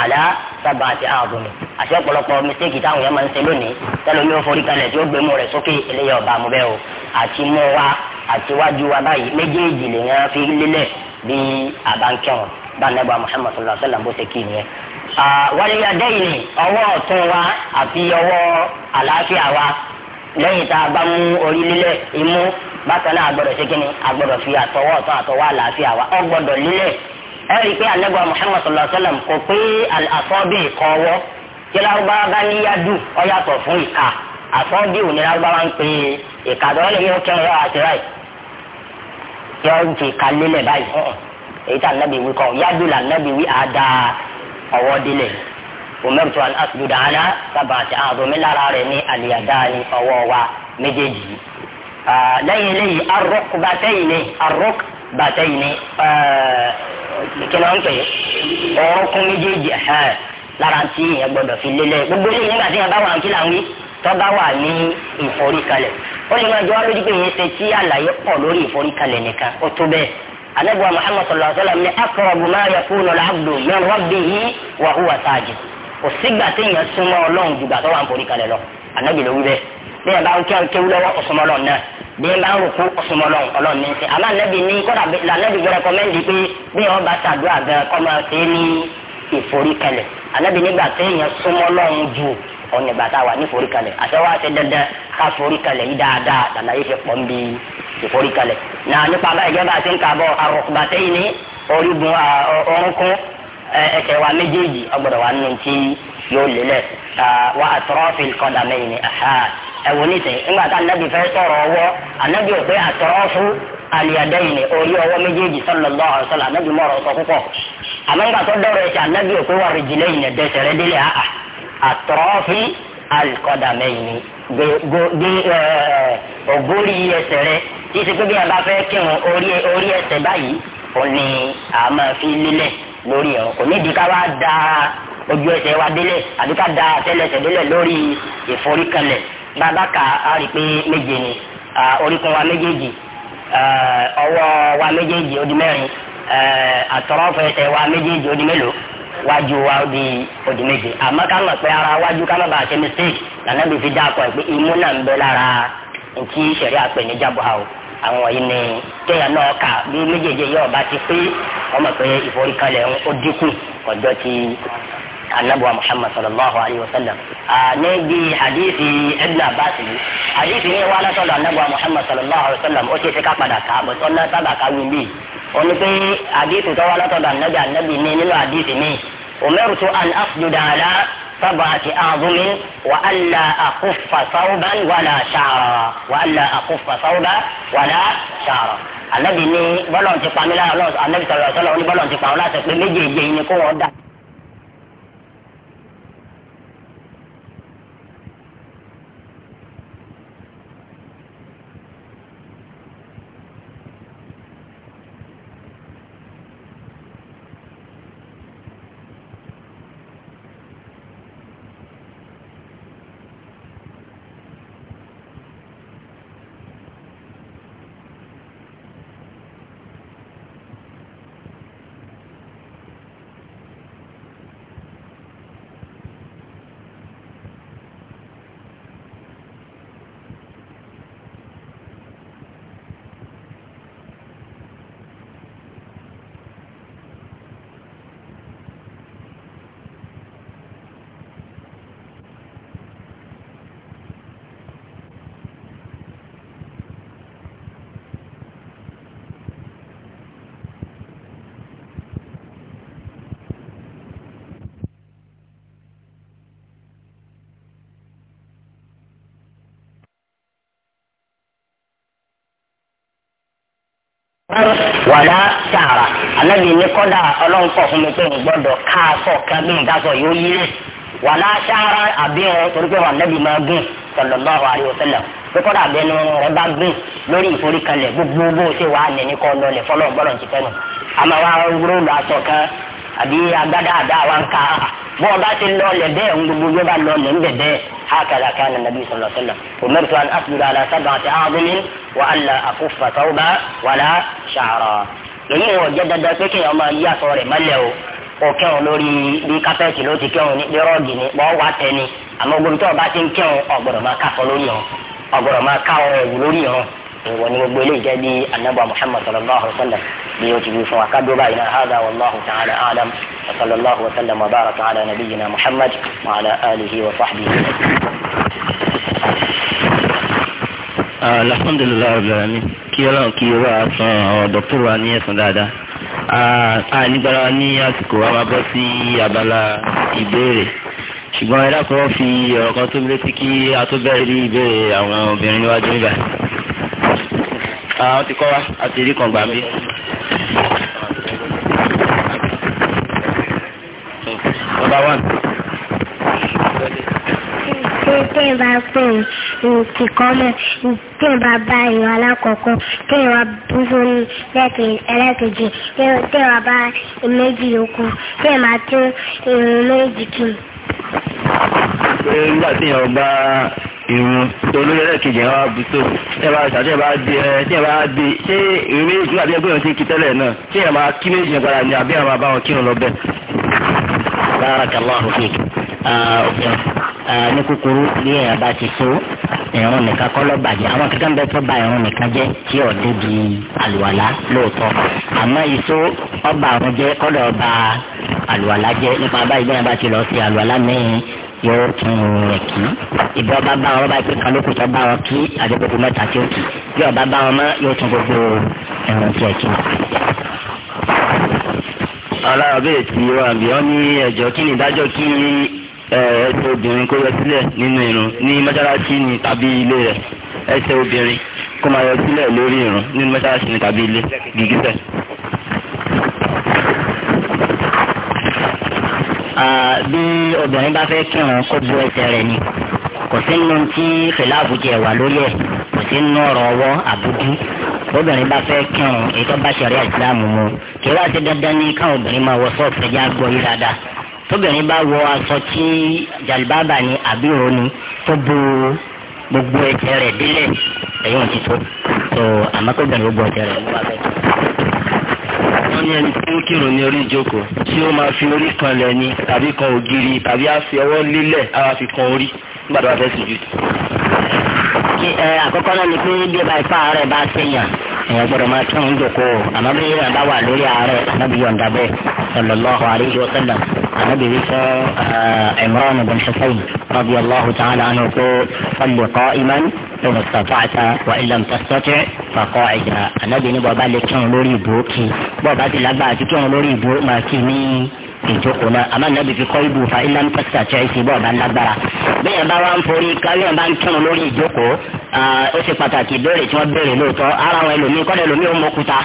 ala sab'ati a'zumi àti ọ̀pọ̀lọpọ̀ mistake táwọn yẹn máa ń ṣe lónìí tẹ́lẹ̀ omi ò forí kalẹ̀ tí ó gbé mú rẹ̀ sókè eléyà ọba mu bẹ́ẹ̀ o àti mú wa àti wájú wa báyìí méjèèjì lè yẹn fi lélẹ̀ bí àbánkẹ́wọ̀n bá àlẹ́bà muhammad sallallahu alayhi wa sallam bó ṣe kí nìyẹn wàlíyàdẹ́yìn ọwọ́ ọ̀tún wa àti ọwọ́ àlàáfíà wa lẹ́yìn tá a bá mú orí lílẹ̀ imú bákan náà agbọ́dọ̀ ṣe kíni agbọ́dọ̀ fi àtọwọ́ ọ̀tún àtọwọ́ àlàáfíà wa ọgbọ́dọ̀ lílẹ̀ ẹ rí i pé alẹ́gbà Muhammad sallallahu alayhi wa sallam kò pé àsọ́bì kan ọwọ́ kí lárúbá bá ní yádù ọ yàtọ̀ fún ìka àsọ́bì ò ní lárúbá wá ń pè é ìka tó lè yóò kẹrin yóò àti ráì yóò fi ìka lélẹ̀ báyìí èyí tá nàbì wí kọ́ yádù là nàbì wí àdá ọwọ́ délẹ̀ umertu an asjuda ala sabati aadumi Ah, lẹ́yìn eléyìí arọ́k bàtẹ́yìn eh, ni arọ́k bàtẹ́yìn ni kí ló ń pè é orúnkún méjèèjì eh, lára tí èèyàn gbọdọ̀ fi lélẹ̀ gbogbo eléyìí nígbà tí èèyàn bá wà ń kí là ń wí tó bá wà ní ìforíkalẹ̀ ó lè máa jọ wá lójú pé èèyàn ṣe tí àlàyé pọ̀ lórí ìforíkalẹ̀ nìkan ó tó bẹ́ẹ̀ anabiwa muhammad sallallahu alaihi wa sallam ni akọrọbu máa yẹ kó lọ lábdo min rabbihi wa huwa sajid kò sígbà téèyàn súnmọ́ ọlọ́run jùgbà tó wà ń foríkalẹ̀ lọ anabi wí bẹ́ẹ̀ bẹ́ẹ̀ bá ń kí ọ̀n kéwú lọ́wọ́ ọ̀sọ̀mọlọ́n náà bẹ́ẹ̀ bá ń rúkú ọ̀sọ̀mọlọ́n ọlọ́ọ̀ni ṣe àmọ́ ànábì ní kọ́dà ànábì gbọ́dọ̀ kọ́mẹ́ndì pé bí wọ́n bá ṣàdúrà gan kọ́mọ ṣe ní ìforíkalẹ̀ ànábì nígbà téèyàn súnmọ́ lọ́run ju ọ̀nà bàtà wà ní ìforíkalẹ̀ àtẹwà ṣe dandan ká foríkalẹ̀ yí dáadáa lànà yìí ṣe pọ̀ ń bi ìforíkalẹ̀ náà nípa báyìí bá a ti ń kàbọ̀ àrùkùbàtẹ́yìn ní orígun orúnkún ẹsẹ̀ wa méjèèjì ọgbọ̀dọ̀ wa nù tí yóò lélẹ̀ wà á tọrọ́ fi kọ́dà mẹ́yìn ní ẹ̀wò nísìn nígbà tá ànábì fẹ́ sọ̀rọ̀ ọwọ́ ànábì ò pé àtọ̀rọ̀ fún àlìyàdẹ́yìn ní orí ọwọ́ méjèèjì sallallahu alaihi wasallam ànábì mọ̀rọ̀ sọ púpọ̀ àmọ́ nígbà tó dọ̀rọ̀ ẹ̀sẹ̀ ànábì ò pé wà rìjìlẹ́yìn ẹ̀dẹ́sẹ̀ rẹ délé àà àtọ̀rọ̀ fún alikọdàmẹyìn ògórí ẹsẹ̀ rẹ tí ìsìnkú bí abá fẹ́ kírun orí ẹsẹ̀ báyìí ó ní a máa fi lílẹ̀ lórí ẹ̀rọ kò nídìí ká wá da ojú ẹsẹ̀ wa délẹ̀ àbí ká da àtẹ́lẹsẹ̀ délẹ̀ lórí ìforíkanlẹ̀ babaka kà meje ni orúkọ wa mejeji ọwọ́ wa mejeji ó di mẹ́rin àtọ̀rọ̀fọ̀ ẹsẹ̀ wa mejeji ó di waju wa ó di òdì ara waju ká má bàa ṣe mistake fi dáàkọ ẹ̀ pé imú náà ń bẹ lára ntí sẹ̀rí àpè ní jábọ̀há o àwọn wọ̀nyí ni kéèyàn náà kà bí méjèèjì yóò bá anabuwa muhammad sallallahu alayhi wa sallam ní bí hadithi ibn abbas yìí hadithi ní wàhálà sọ̀dọ̀ anabuwa muhammad sallallahu alayhi wa sallam ó ṣe é ṣe ká padà ká bọ̀ sọ́nà sábà ká wí bí ó ní pé hadithi tó wàhálà sọ̀dọ̀ anabi anabi ní nínú hadithi ní umirtu an afjuda ala sab'ati a'zumin wa alla akuffa sawban wala sha'ra wa alla akuffa sawban wala sha'ra anabi ní bọ́lọ̀ ti pa mí lára anabi sọ̀rọ̀ sọ̀rọ̀ ní bọ́lọ̀ ti pa wọn láti pé méjèèjì ni kó wọn dà. sọ́kàn wàlá sàrà alábi ní kọ́dà ọlọ́run kọ̀ fún mi pé n gbọ́dọ̀ káàsọ̀ kan bí n dáṣọ yóò yí rẹ̀ wàlá sàrà àbí wọn torí pé wọn alábi máa gùn sallallahu alaihi wasallam pé kọ́dà abẹ́nu rẹ̀ bá gùn lórí ìforíkalẹ̀ gbogbo bó ṣe wà á nẹni kọ́ lọlẹ̀ fọlọ́ gbọ́dọ̀ ti fẹ́ nu àmọ́ wa rúlò aṣọ kan àbí agbádá àdá wa ń ka bọ́ọ̀ bá ti lọlẹ̀ bẹ́ẹ̀ ń هكذا كان النبي صلى الله عليه وسلم أمرت أن أسجد على سبعة أعظم وألا أكف ثوبا ولا شعرا èyí wọn jẹ dandan pé kéèyàn máa yí aṣọ rẹ̀ mọ́lẹ̀ o kò kẹun lórí bí kápẹ́ẹ̀tì ló ti kẹun ní rọ́ọ̀gì ni wọ́n wá tẹni àmọ́ gbogbo tí wọ́n bá ti ń kẹun ọ̀gbọ̀dọ̀ máa káfọ́ lórí wọn ọ̀gbọ̀dọ̀ máa ká ọ̀rọ̀ ẹ̀wù lórí wọn wọn ni gbogbo eléyìí jẹ́ bí anabu muhammad sallallahu alaihi wa sallam bí o ti wí fún wa ká dúró báyìí náà hàdà wàlláhu ta'ala alam wa sallallahu wa sallam wa baraka ala nabiyyina muhammad wa ala alihi wa sahbihi. alhamdulilayi rabbil alamin kí ọlọ́run kí wá san àwọn dọ́kítọ̀rù wa ní ẹ̀sùn dáadáa a ní àsìkò wa máa bọ́ sí abala ìbéèrè ṣùgbọ́n ẹ dákun fi ọ̀rọ̀ kan tó létí kí a tó bẹ̀rẹ̀ rí ìbéèrè àwọn obìnrin níwájú nígbà àwọn ah, ti kọ́ wa àti rí kan gbà mí. number one. Tẹ́ bá pè ní kọ́mọ̀, tẹ́ bá bá ìwà alákọ̀ọ́kọ́, tẹ́ wà bú fún ẹlẹ́kẹ̀ẹ́jì, tẹ́ wà bá méjì yòókù, tẹ́ máa tún ìrìn méjì kìí. pé nígbà tí èèyàn bá irun tó lórí yẹn wá bu tó ẹ bá ṣàtúnyẹ bá di ẹ tí ẹ bá di ṣé irun méjì nígbà ẹgbẹ́ yẹn ti kí tẹ́lẹ̀ náà ṣé ẹ máa kí méjì yẹn padà ní àbí kírun lọ bẹ́ẹ̀. ọ̀gbìn ní kúkúrú bí èèyàn bá ti so ìrun nìkan kọ́ ló àwọn kankan bẹ́ẹ̀ tó ba ìrun nìkan jẹ́ tí ò débi àlùwàlá lóòótọ́ àmọ́ ìso ọba àrùn jẹ́ kọ́dọ̀ ọba àlùwàlá jẹ́ nípa báyìí bí èèyàn bá ti lọ sí àlùwàlá mẹ́rin yóò tún rẹ̀ kí ibi ọba bá wọn báyìí pé kan ló kù tó bá wọn kí àdébòbò mẹ́ta tí ó kì bí ọba bá wọn mọ́ yóò tún gbogbo ìrun tí ẹ̀ kí alábẹ́ tí wà bí wọ́n ní ẹ̀jọ́ kí ni ìdájọ́ kí ẹsẹ̀ obìnrin kó yọ sílẹ̀ nínú irun ní mọ́ṣáláṣí ni tàbí ilé rẹ̀ ẹsẹ̀ obìnrin kó máa yọ sílẹ̀ lórí irun nínú mọ́ṣáláṣí ni tàbí ilé gìgísẹ̀. bí obìnrin bá fẹ́ kírun kó bu ẹsẹ̀ rẹ̀ ni kò sínú tí fìlàbù jẹ wà lórí ẹ̀ kò sínú ọ̀rọ̀ ọwọ́ àbújú obìnrin bá fẹ́ kírun èyí tó bá ṣẹ̀rí àìsílámù mu kí wá sí dandan ní káwọn obìnrin máa wọ sọ́ọ̀tù ẹ̀já gbọ́ yí dáadáa tóbìnrin bá wọ aṣọ tí jàlùbáàbà ni àbí òun ni tó bo gbogbo ẹsẹ̀ rẹ̀ délẹ̀ ẹ̀yìn òtí tó tó àmọ́ tóbìnrin gbogbo ẹsẹ̀ rẹ̀ ló wà bẹ́ẹ̀. wọ́n ní ẹni tí ó kírun ní orí ìjókòó tí ó máa fi orí kan lẹ̀ ni tàbí kan ògiri tàbí á fi ọwọ́ lélẹ̀ á fi kan orí nígbà tó bá fẹ́ sùn jù. àkọ́kọ́ náà ni pé bí ẹ bá ipá rẹ̀ bá ṣèyàn èèyàn gbọ́dọ̀ máa tún un dòkó ànábì yìí yọ̀ǹda wà lórí àárẹ̀ ànábì yọ̀ǹda bẹ́ẹ̀ sallallahu alayhi wa sallam ànábì yìí sọ eh, Imran bin Husayn radiyallahu ta'ala anhu kó salli qa'iman tó ní sàfàtà wà ilẹ̀ mùtàsọ́tì fàkọ́ ẹ̀yà ànábì ní bọ́ọ̀ bá lè tún un lórí ìbò kí bọ́ọ̀ bá ti lágbára ìjókòó náà àmọ́ nàbí fi kọ́ ibù fa ilá ń pẹ́sà tí a ṣe bọ́ ọ̀bá lágbára bẹ́ẹ̀ bá wa ń forí kárí ọ̀bá ń kírun lórí ìjókòó ó ṣe pàtàkì ìbéèrè tí wọ́n béèrè lóòótọ́ ara àwọn ẹlòmíì kọ́lẹ̀ ẹlòmíì ó mọ òkúta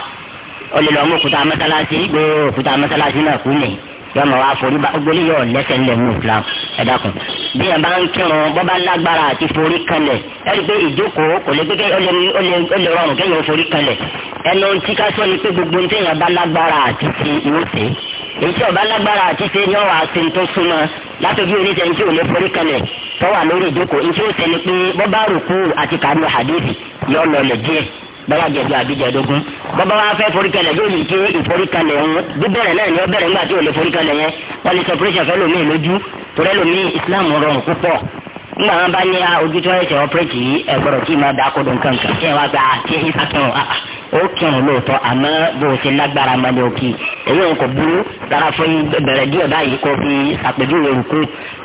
ó lè lọ mú òkúta mọ́sálásí gbé òkúta mọ́sálásí náà kú nìyí yọ ma wa forí ba gbólé yọ lẹsẹ ńlẹ mú fila ẹ dákun bí yẹn bá ń kírun bọ́bá lágbára àti forí kanlẹ̀ ẹni pé ìjókòó kò lè gbé ọlẹ ọlẹ rọrùn kéèyàn forí kanlẹ̀ ẹnu tí ká sọ ni pé gbogbo ní téèyàn bá lágbára àti ti ìwọ́sẹ̀ èyí tí ọba lágbára àti ṣe ni ọwọ́ àti tó súnmọ́ látọjú oníṣẹ ní tí òun lè forí kalẹ̀ tó wà lórí ìjókòó ní tí ó ṣẹlẹ̀ pé bọba rúkú àti kàánú hadith yọ lọlẹ díẹ̀ bọba jẹjọ àbíjẹdógún bọba wa fẹ́ forí kalẹ̀ yóò lè ké ìforí kalẹ̀ ń bíbẹ̀rẹ̀ náà ni ó bẹ̀rẹ̀ nígbà tí òun lè forí kalẹ̀ yẹn wọn lè sọ pé ṣàfẹ́ lòmíì lójú torẹ́ lòmíì Islam rọrùn púpọ̀ nígbà wọn bá ní ah, ojú tí wọn ṣe ọpẹrẹtì yìí ẹgbọrọ tí máa da kodo nǹkan kan kí ẹ wá gba ṣe ìfà kírun ó kírun lóòótọ́ àmọ́ bó o ṣe lágbára máa ní òkè èyí òun kò o rárá fún bẹ̀rẹ̀ díẹ̀ báyìí kó fi àpèjúwe rúkú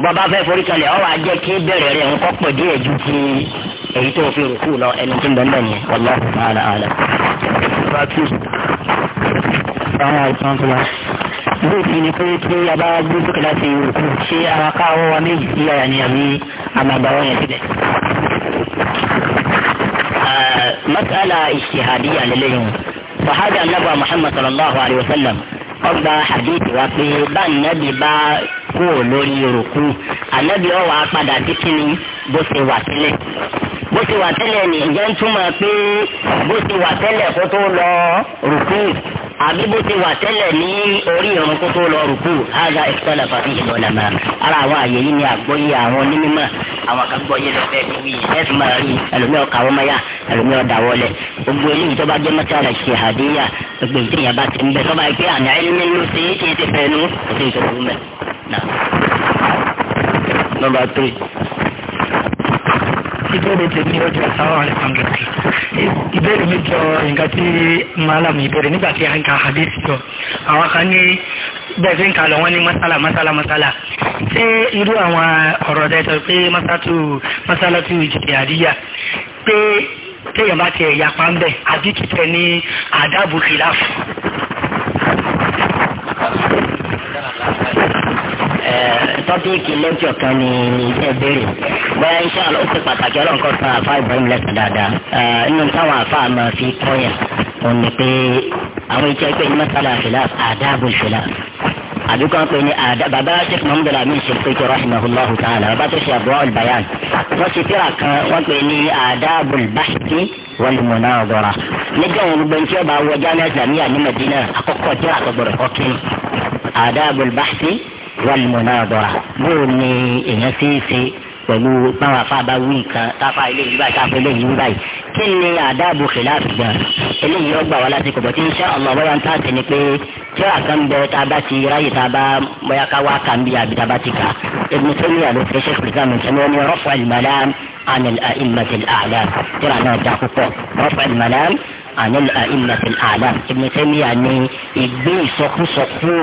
bọba fẹ́ forí kalẹ̀ ọ wàá jẹ́ kí bẹ̀rẹ̀ rẹ̀ ńkọ́ pọ̀ díẹ̀ ju ti èyí tó fi rúkú lọ ẹni tí ń bẹ náà yẹn wọlé ọkùnrin àlà àlà lóòfin ni pé tí a bá gbé sókè láti òkú ṣé àwọn káwọ́ wa méjì sí àyà ni àbí àmàgbàwọ́ yẹn sílẹ̀. masala ìṣèhàdíyà lélẹ́yìn fàhádà nàbà muhammad sallallahu alayhi wa sallam ọgbà hadith wa pé bá nàbì bá kúrò lórí òkú ànàbì ọwà padà dikini bó ṣe wà tẹ́lẹ̀ bó ṣe wà tẹ́lẹ̀ ni ìjọ ń túmọ̀ pé bó ṣe wà tẹ́lẹ̀ kó tó lọ rùkú àbí bó ṣe wà tẹ́lẹ̀ ní orí ìrun kó tó lọ rùkú ága ìṣọ̀lá fàfi ìlú ọ̀làmà ara àwọn àyè yìí ni àgbọ́yé àwọn onímọ̀ àwọn kan gbọ́yé lọ bẹ́ẹ̀ níbi ìfẹ́sì máa rí ẹlòmíọ̀ kàwọ́ máyà ẹlòmíọ̀ dáwọ́lẹ̀ gbogbo eléyìí tó bá jẹ́ mọ́tàlá ṣe àdéhà gbogbo ìdíyàn bá ti ń bẹ tọ́ba ìpè àná ẹni nínú sí kí n ti fẹ́ nu òfin ìṣòro mẹ́. nọ́mbà three ìbéèrè tèmi ọjọ́ sáwọn alẹ́kọ̀ọ́gẹ̀rẹ̀ ìbéèrè mi jọ nǹkan tí màálàmù ìbéèrè nígbà tí a ń ka hadith jọ àwọn kan ní bẹ́ẹ̀ fi ń ka lọ wọ́n ní masala masala masala ṣé irú àwọn ọ̀rọ̀ dẹ́tọ̀ pé masala tu ìjìnlẹ̀ àdíyà pé téèyàn bá tiẹ̀ yapa ń bẹ̀ àbí kìtẹ̀ ní àdábù kìláfù tọ́pìkì lẹ́jọ̀ kan ni ìjẹ́ ìbéèrè bẹ́ẹ̀ iṣẹ́ àlọ́ ṣe pàtàkì ọlọ́nkọ́ fa àfa Ibrahim lẹ́sẹ̀ dáadáa eh, inú táwọn àfa àmọ́ fi kọ́yà òun ni pé àwọn ìjẹ́ pé mẹ́sàlá àfìlà àdáàbò ìṣẹ̀lá àdúgbò pé ní bàbá sheikh muhammed amin shirkiki rahimahullahu ta'ala bàbá tó ṣe àbúrò albayan wọ́n ṣe tíra kan wọ́n pè ní àdáàbò ìbáṣetì wọlùmọ̀nà ọ̀gọ́ra nígbà wọn gbogbo nǹkan bá wọ jáná islamiyà ní madina àkọ́kọ́ tíra àkọ́gbọ̀rọ̀ kọ́kí àdáàbò ìbáṣetì wal-munadara bóò ni èèyàn fi ń ṣe pẹ̀lú báwa fábá wí nǹkan táfà eléyìí báyìí táfà eléyìí wí báyìí kí ni àdáàbò kìláàfù gan eléyìí ọgbà wá láti kọ̀bọ̀ tí insha Allah bọ́lá ń tààtì ni pé tí wàá kan bẹ tá a bá ti ráyè tá a bá bóyá ká wá kà bí àbí tá a bá ti kà Ibn Taymiyyah ló ní rafu al-malam an al-a'immatil a'lam tíra náà dá púpọ̀ rafu àlẹ́ àìmọ̀tẹ̀ àlá Ibn Taymiyyah ní ìgbé ìsọkúsọ kúrò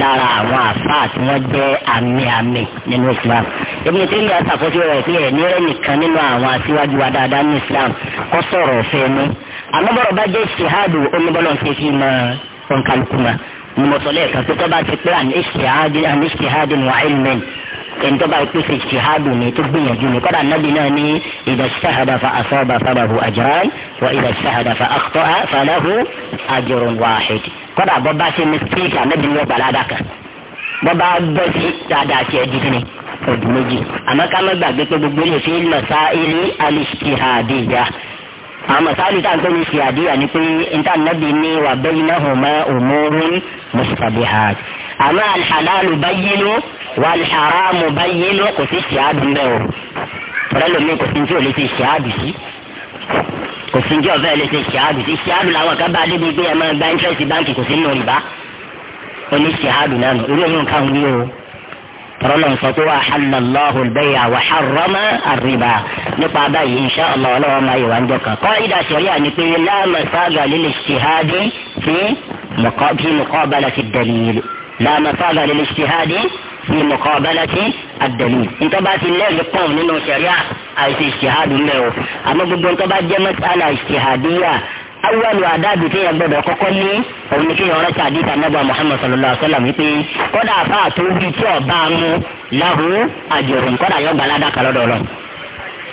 lára àwọn àfáà tí wọ́n jẹ́ àmì àmì nínú Islam Ibn Taymiyyah ṣàkóso rẹ̀ pé ẹ̀ ní rẹ̀ nìkan nínú àwọn aṣíwájú wa dáadáa ní Islam kọ́ sọ̀rọ̀ ọ̀fẹ́ mi àmọ́bọ̀rọ̀ bá jẹ́ ìṣèhádù oníbọ́lọ̀ ń ṣe fi mọ òǹkàlùkùmá ni mo sọ lẹ́ẹ̀kan bá ti pé àníṣèhádù wà ilmin ẹnitọba yìí pèsè ìṣèhádù ni tó gbìyànjú ni kọ́dà nàbì náà ní ìdá sáhàdà fa asaba falahu ajran wa ìdá sáhàdà fa akhta'a falahu ajrun wahid kọ́dà bọ́ bá ṣe mistake ànábì ní ọgbà ládàá kan bọ́ bá bọ́ sí dáadáa ṣe ẹ̀dí kí ni ọdún méjì àmọ́ gbàgbé pé gbogbo ilé fi lọ sá ilé al-ijtihadiyya àwọn mọ̀sáàlì tá à ń tó ní ṣe àdíyà ni pé níta nàbì ní wa baynahuma àmọ́ alḥàlálù bá yínú wà alḥàrámù bá yínú kò sí ṣáàdù mbẹ́ o ọ̀rẹ́ lomi kò sí ní tí o lè ṣe ṣáàdù sí kò sí ní tí ọ̀fẹ́ lè ṣe ṣáàdù sí ṣáàdù làwọn kan bá dé bí pé ẹ máa gba interest báńkì kò sí nù rìbá ó ní ṣáàdù náà irú ẹ̀yìn kan wí o tọ́lọ́ sọ pé wàá hàlà lọ́hùn wà harrama ar nípa báyìí insha Allah la mafada lil ijtihadi fi muqabalati ad-dalil nítorí bá ti lẹ́ẹ̀lì pọ̀n nínú sẹ̀ríà àìsí ijtihadi mẹ́ o àmọ́ gbogbo nítorí bá jẹ́ mas'ala ijtihadiyya awúwàlú àdáàbì tí yẹn gbọdọ̀ kọ́kọ́ ní òun kí yẹn rẹ́ta àdìsá nàbà Muhammad sallallahu alayhi wa sallam wípé kọ́dà àfa àtúndì tí ọba mu lahu àjòrò kọ́dà yọ gbalada kan lọ́dọ̀ lọ.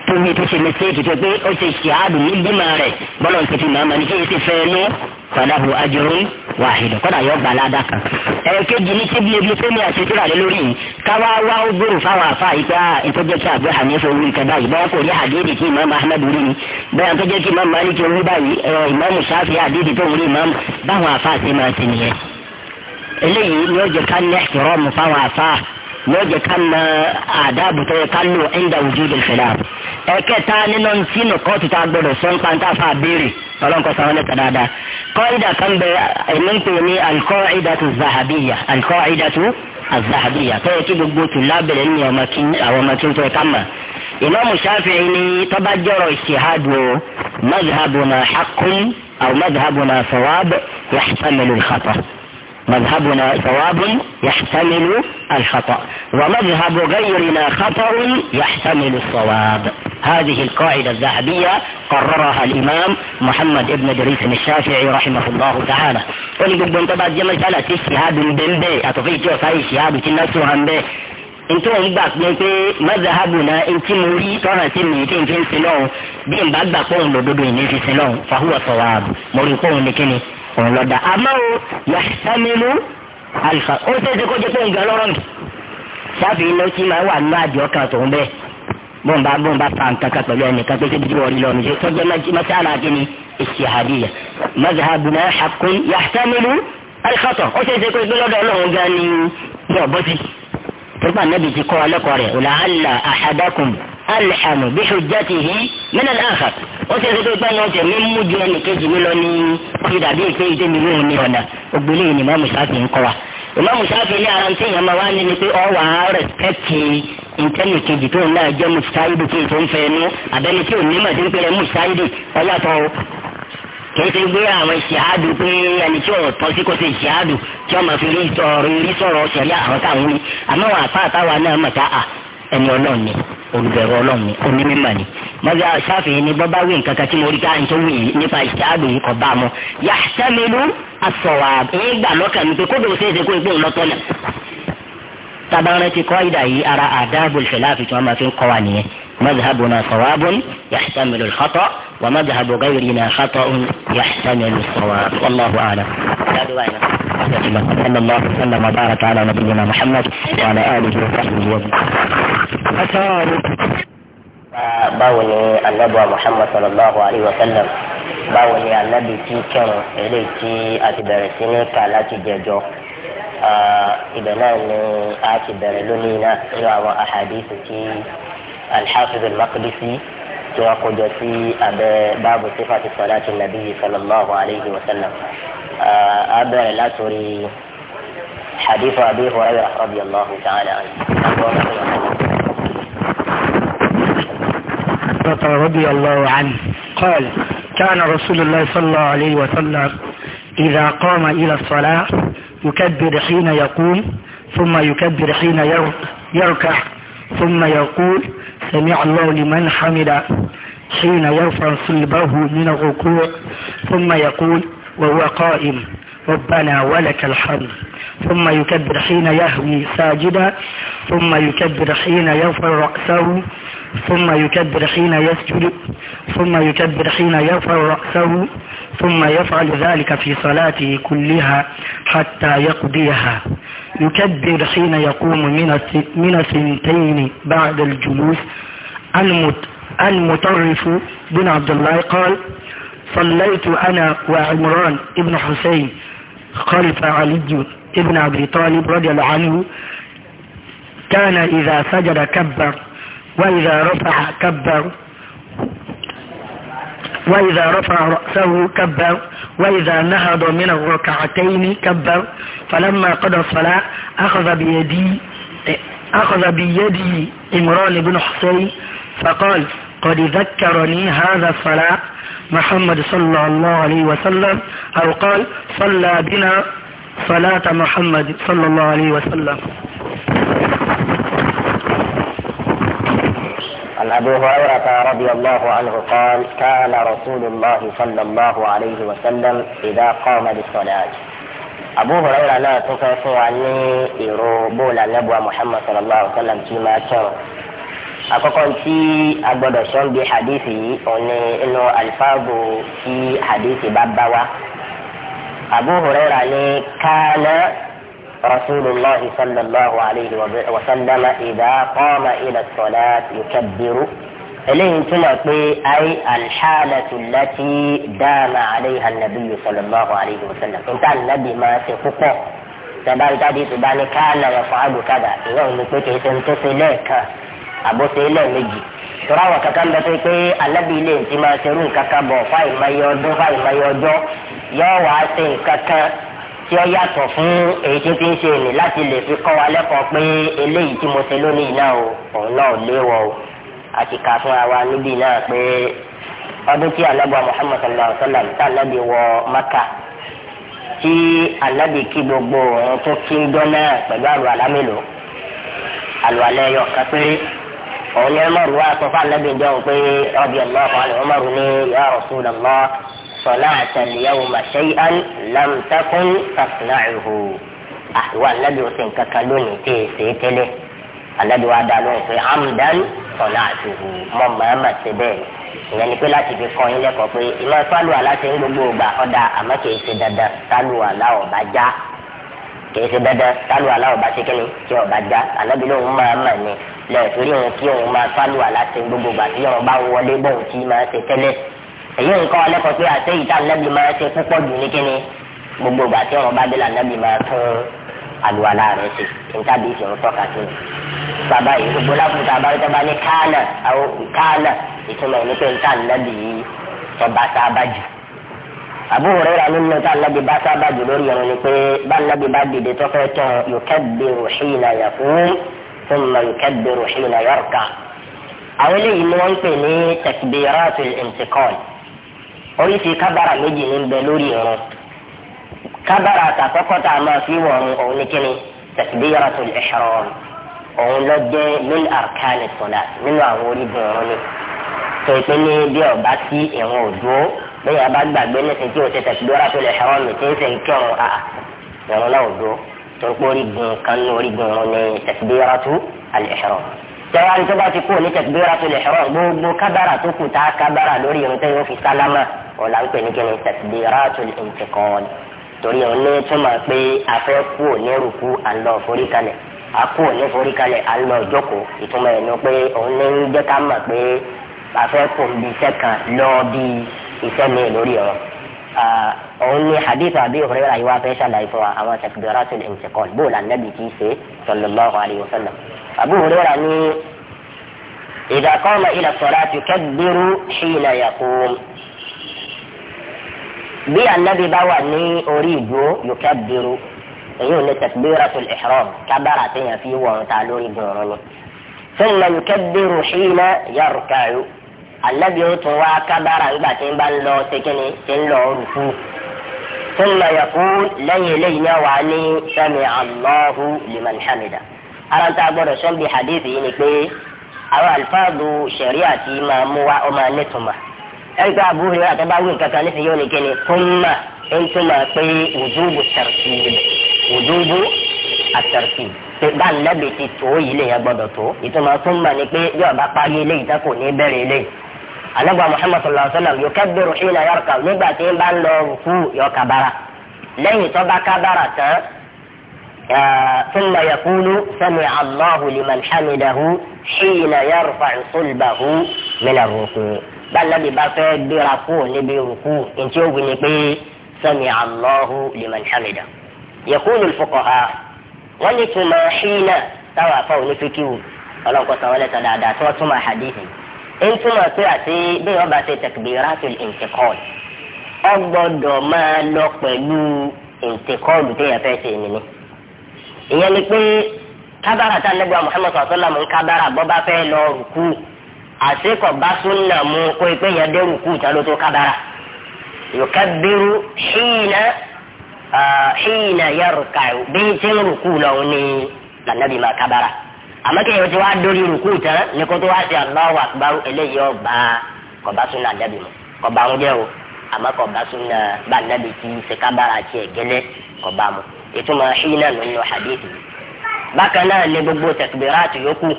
tóbi tó ṣe mistake tó pé ó ṣe ṣe àdùn ní bímọ rẹ̀ bọ́lọ̀ ní ti màmá ní kí yẹn ti fẹ́ ẹ falahu ajurun wàhídù kọ́dà yọ gbà ládà kan. ẹ̀ẹ́kejì ní tíbi ebi tó ní àṣetí rà lé lórí yìí káwá wá ó gbòòrò fáwọn àfa ìgbà ìtọ́jọ́ tí àgbẹ̀ hànífẹ́ orí nǹkan báyìí báwọn kò ní àdéhìí tí ìmọ̀ ahmed rí ni bẹ́ẹ̀ tó jẹ́ kí ìmọ̀ malik orí báyìí ìmọ̀ musafi àdéhìí tó ń rí ìmọ̀ báwọn àfa àti ìmọ̀ àti nìyẹn. eléyìí ni ó jẹ ká ní ẹ̀kẹ́rọ́ọ̀mù fáwọn àfa ni ó jẹ ká mọ àdáàbò yẹ ká lò ẹ̀ńdà ojú ìdè fẹ̀dà. ẹ̀kẹta nínú tí nìkan ti ta gbọdọ̀ sọ́ńpá ń tà fà béèrè ọlọ́nkọ́sọ́ wọn lẹ́tà dáadáa قاعدة كان بننتمي القاعدة الذهبية القاعدة الذهبية فيكي بقوت الله بالعلم ومكين أو مكين تكمل إمام الشافعي ni tó اجتهاد مذهبنا حق أو مذهبنا ثواب يحتمل الخطأ مذهبنا صواب يحتمل الخطأ ومذهب غيرنا خطأ يحتمل الصواب هذه القاعدة الذهبية قررها الإمام محمد ابن دريس الشافعي رحمه الله تعالى ولي قبل انت بعد سالة الشهاب بمبي هذا من بي تنسو جو ntí شي هذا pé pé mọ́zàhábù náà ntí mo rí tọ́nà مذهبنا انت tí n fi ń sin lọ́hùn bí n سلون بين بعد n pé ينفي سلون فهو صواب ìní قول لكني òun lọ́dà àmọ́ o yàtàmílú àlùfà ó ṣeéṣe kó jẹ́ pé nǹkan lọ́rọ̀ nù sábì iná tí máa wà nínú àjọ kan tòun bẹ́ẹ̀ bó ń bá bó ń bá pa nǹkan kan pẹ̀lú ẹnìkan pé síbi wọ́n rí lọ́nu ṣe tó jẹ́ mọ́sára kíni ìṣèhàdìyà mazhabuna haqqun yàtàmílú àlùfàtọ̀ ó ṣeéṣe kó gbé lọ́dọ̀ ọlọ́run gan ni ní ọ̀bọ́sí tó gbà nẹ́bi ti kọ́ alẹ́kọ̀ọ́ rẹ̀ ọ̀làhàlà alhamu bí من yìí mẹ́nà láàfà ó ti ẹ̀sẹ̀ tó gbá yẹn ọ̀tẹ̀ mi mú ju ẹnì kejì mi lọ ní kí dàbí ìpé ìdé mi lóhun ní ọ̀nà ògbélé yìí ni Imam Shafi ń kọ́ wa Imam Shafi ní ara tí ìyàmá wa ní ni pé ọ wà á rẹ̀spẹ̀tì ìtẹ́nì tó náà jẹ́ mùsáìdì tó tó ń fẹ́ ẹnu àbẹ́ni tí ò ní mọ̀ sí ń pèrè mùsáìdì gbé àwọn ìṣíádù pé ẹni tí ọ̀rọ̀ tọ́ sí kó ṣe ìṣíádù tí wọ́n fi rí sọ̀rọ̀ rí àwọn táwọn ní àmọ́ àwọn àpá àtàwọn náà mọ̀ tá ẹni ọlọ́run ni olùbẹ̀rù ọlọ́run ni onímọ̀ ni mọ́jà sáfìhìn ni bọ́bá wí nǹkan kan tí mo rí ká ní tó wí yìí nípa ìṣáàbù yìí kọ́ bá mu yàtẹ́mẹ́lú àsọ̀wà èyí gbà lọ́kàn mi pé kó bẹ̀rù ṣeéṣe kó ipò ìlọ́tọ́ náà tabaran ti kọ́ ìdá yìí ara àdáàbòl fẹ̀láàfì tí wọ́n máa fi ń kọ́ wa nìyẹn mọ́zàbù náà sọ̀wáàbùn yàtẹ́mẹ́lú xọ́tọ̀ wà mọ́zàbù gáyìrì náà xọ́tọ̀ صلى الله وسلم وبارك على نبينا محمد وعلى آله وصحبه أجمعين báwo ni anabuwa muhammad sallallahu alayhi wa sallam báwo ni anabi tí kẹrùn eléyìí tí a ti bẹ̀rẹ̀ sí ní ká láti jẹjọ ibẹ̀ náà ni a ti bẹ̀rẹ̀ lónìí náà nínú àwọn ahadisi tí alḥafiz al-maqdisi tí wọ́n kó jọ sí abẹ́ báàbù sífàtì sọ̀láàtì nàbíyí sallallahu alayhi wa sallam. أبا آه، الأسري حديث أبي هريرة رضي الله تعالى عنه رضي الله عنه قال كان رسول الله صلى الله عليه وسلم إذا قام إلى الصلاة يكبر حين يقوم ثم يكبر حين يركع ثم يقول سمع الله لمن حمد حين يرفع صلبه من الركوع ثم يقول وهو قائم ربنا ولك الحمد ثم يكبر حين يهوي ساجدا ثم يكبر حين يرفع رأسه ثم يكبر حين يسجد ثم يكبر حين يرفع رأسه ثم يفعل ذلك في صلاته كلها حتى يقضيها يكبر حين يقوم من من سنتين بعد الجلوس المترف بن عبد الله قال صليت أنا وعمران ابن حسين خلف علي ابن أبي طالب رضي الله عنه كان إذا سجد كبر وإذا رفع كبر وإذا رفع رأسه كبر وإذا نهض من الركعتين كبر فلما قضى الصلاة أخذ بيدي أخذ بيدي إمران بن حسين فقال قد ذكرني هذا الصلاة محمد صلى الله عليه وسلم أو قال صلى بنا صلاة محمد صلى الله عليه وسلم عن أبو هريرة رضي الله عنه قال كان رسول الله صلى الله عليه وسلم إذا قام للصلاة أبو هريرة لا تكفي عني إرو بولا ní محمد صلى الله عليه وسلم alaihi كان àkọ́kọ́ tí a gbọ́dọ̀ sọ ń bi hadith yìí òní inú alifáàbò tí hadith bá bá wa abu huraira ni kaana rasulillah sallallahu alayhi wa sallam idha qama ila salat yukabbiru eléyìí túmọ̀ pé ayé alḥalatu lati dáàmà aleyha nabiyyu sallallahu alayhi wa sallam nta nabi máa ṣe púpọ̀ tẹ̀bá ìtàdí ìtùbá ni kaana yaf'alu kada ìyá òun ni pé kì lẹ́ẹ̀kan àbọ̀sẹ̀ ẹlẹ́ẹ̀mejì tọ́ra àwọn kankan bẹ pé pé alábì ilé ti máa ṣerú nǹkankan bọ̀ fáìmáyé ọdún fáìmáyé ọjọ́ yóò wá ṣe nǹkankan tí ó yàtọ̀ fún èyí tí ti ń ṣe èmi láti lè fi kọ́ wa lẹ́kọ̀ọ́ pé eléyìí tí mo ṣe lónìí náà o òun náà léwọ̀ o a kà fúnra wa níbí náà pé ọdún tí alábọ̀ Muhammad sallallahu alayhi wa sallam tá alábì wọ Maka tí alábì kí gbogbo òun tó kí ń dán náà pẹ̀lú àlọ́ àlámẹ́lò àlọ́ àlẹ́ yọ̀ kápẹ́rẹ́ òun yẹn mọ̀rù wá sọ fún anabi ìjọ òun pé ọbẹ̀ ọlọ́ọ̀kọ́ àlẹ́ ọmọrù ní ya Rasulullah صلاة اليوم شيئا لم تكن تصنعه àwa anabi òsè kankan lónìí tí è sè é tẹ́lẹ̀ anabi wa dá lóhùn pé amdan sọ̀nà àtìhù mọ màmá ti bẹ́ẹ̀ ìyẹn ni pé láti fi kọ́ ilé kan pé ìmọ̀ sálù aláṣẹ ń gbogbo ògbà ọ̀dà àmọ́ kìí ṣe dandan sálù àlá ọ̀bá já kìí ṣe dandan sálù àlá ọ̀bá ṣe kíni tí ọ̀bá já anabi lóhùn màmá ni lẹ́ẹ̀torí òun kí òun máa sálù aláṣẹ gbogbo gbà tí òun bá wọlé bọ̀ òun kí máa ṣe tẹ́lẹ̀ èyí nǹkan ọlẹ́kọ̀ọ́ pé àṣẹ ìta nẹ́bí máa ṣe púpọ̀ jù ní kíni gbogbo gbà tí òun bá dé lànàbí máa tún àlùwàlá rẹ̀ ṣe nǹkan bí ìṣòro tọ́ka sí bàbá yìí gbogbo lákùtà abáwítọ́ bá ní káànà àwọn ìtumọ̀ ní pé nǹkan nẹ́bí yìí tọ́ba sábà jù Abu Hurairah nínú tá nàbí bá sábà jù lórí ọ̀run ni pé bá nàbí bá dìde tọ́fẹ́ tán yòókẹ́ bí rùhìnà yà ثم يكبر حين يركع àwọn eléyìí ni wọ́n ń pè ní takbiratul intiqal oríṣi kábàrà méjì ní bẹ lórí irun kábàrà àtàkọ́kọ́ tá a máa fi wọ̀run òun ní kíni takbiratul ihram òun ló jẹ́ lórí arkani sọ̀dà nínú àwọn orígun irun ni tó pé ní bí ọba sí irun òdúró bẹ́ẹ̀ bá gbàgbé nísìnyí tí o ṣe takbiratul ihram mi tí ń sè ń kírun àà irun náà òdúró toroko orígun kan ní orígun wọn ní takbiratu al-ihram tẹ́wá ní tó bá ti kú ní takbiratu al-ihram gbogbo kábàrà tó kù tá a kábàrà lórí irun tẹ́ yóò fi sálámà wọn là ń pè ní kí ni takbiratu al-intiqal torí òun ní túmọ̀ pé a kú ní rúkú à ń a kú ní forí kalẹ̀ jókòó ìtumọ̀ ẹ̀ ní pé òun ní jẹ́ ká mọ̀ pé a kú bí iṣẹ́ kan lọ bí iṣẹ́ mi lórí ọ̀rọ̀ أولي آه، حديث أبي هريرة أيوة بيشا يفوى أما تكبيرات الانتقال بول النبي تيسي صلى الله عليه وسلم أبو هريرة أني إذا قام إلى الصلاة يكبر حين يقوم بي النبي بوا أني أريد يكبر يقول تكبيرة الإحرام كبرت في وانتالوني دوروني ثم يكبر حين يركع anabi ó tún wá kábàárà nígbà tí ń bá ń lọ sekini tí ń lọ rúkú tó ń lọ yẹ̀kú lẹ́yìn eléyìí náà wà ní sami allahu liman hamida ara ń tá a gbọ́dọ̀ sọ́n bí hadith yìí ni pé àwọn alifáàdù sẹ̀ríà ti máa mú wa ọmọ anẹ́tùmá ẹ̀rí pé àbúrò rẹ̀ àtọ́bá wí nǹkan kan nísìnyí ó kíni kúnmà ń túmọ̀ pé wujubu tartib wujubu at-tartib pé bá ti tó yìí lè yẹn gbọ́dọ̀ tó ìtumọ̀ kúnmà ni pé yóò bá parí eléyìí tá kò ní bẹ̀rẹ̀ eléyìí anagba muhammad sallallahu alaihi wa sallam yukabbiru hina yarka nígbà tí ń bá ń lọ rùkú kabara lẹ́yìn tó bá kabara tán ثم يقول سمع الله لمن حمده حين يرفع صلبه من الركوع balabi bá fẹ́ gbéra kú níbi rukú ntí ó wuli pé sami allahu liman hamida yakulu fukaha wọn ni tuma xiina táwa afa onífikiru ọlọ́nkọ́sọ̀ wọlé sọ dáadáa tí wọ́n túmọ̀ hadithi ń túmọ̀ sí àti bí wọ́n bá ṣe tẹ̀kìbìrátì ìǹtẹ̀kọ́ọ̀lù ọ gbọ́dọ̀ máa lọ pẹ̀lú ìǹtẹ̀kọ́ọ̀lù téèyàn fẹ́ ṣe nìyí. ìyẹn ni pé kábàrà tá nígbà Muhammad sọ̀tọ́lámù ń kábàrà bọ́ bá fẹ́ lọ rùkú àṣekọ̀ bá súnà mu kó ipé yẹn dé rùkú ìta tó kábàrà. yòókàbírú hìnà hìnà yẹ rùkà bí tí ń rùkú lọ́wọ́ ní lànàbí máa kábàrà àmọ́ kéèyàn ti wá dórí rùkú tán ní kó tó wá sí Allahu Akbar eléyìí ọba kọba súnà dàbí mu kọba ń gẹ o àmọ́ kọba súnà bá nàbí ti ṣe kábàrà tiẹ̀ gẹ́lẹ́ kọba mu ìtumọ̀ ṣìnà nínú hadith bákan náà ní gbogbo tẹkibiraatu yòókù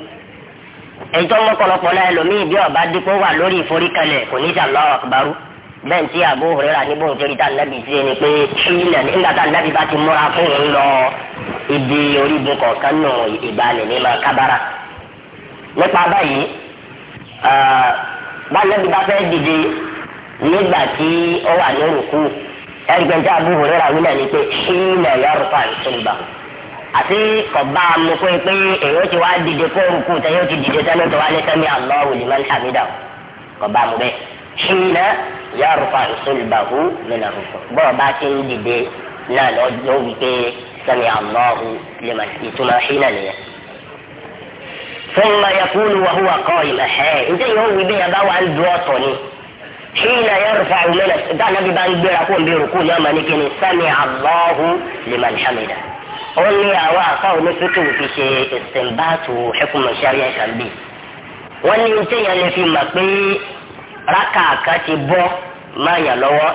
èyí tó náà ẹlòmíì bí ọba dípò wà lórí ìforíkalẹ̀ kò ní sí Allahu Akbar bẹ́ẹ̀ tí Abu Huraira ní bóun ṣe rí tá nàbì ṣe ni pé ṣílẹ̀ nígbà tá nàbì bá ti múra fún òun lọ ibi orígun kọ̀ọ̀kan nù ìgbàanì ní ma kábàrà. nípa báyìí bá nàbì bá fẹ́ dìde nígbà tí ó wà ní òrùkú ẹgbẹ́ tí Abu Huraira wí náà ni pé ṣílẹ̀ yọrùpá ìṣèlú àti kọba amukwe pé èyí ó ti wá dìde kó òrùkú tẹ yóò ti dìde tẹnu tó wá ní sẹmi Allahu ṣìnà yàrùfà ìṣèlbàhù nínú àrùfà bọ́ọ̀ bá ṣe ń dìde náà lọ́jọ́ wípé sami Allahu liman ìtumọ̀ ṣìnà nìyẹn. ثم يقول وهو قائم أحياء إنت يوم بي أبا وأن دوطني حين يرفع من ده نبي بان بيركون بيركون يوم نكين سمع الله لمن حمده قل لي أوا قوم فكوا في شيء استنباط حكم الشريعة كان بي wọ́n ní tí yẹn lè fi mọ̀ pé rákà kan ti bọ́ máa yàn lọ́wọ́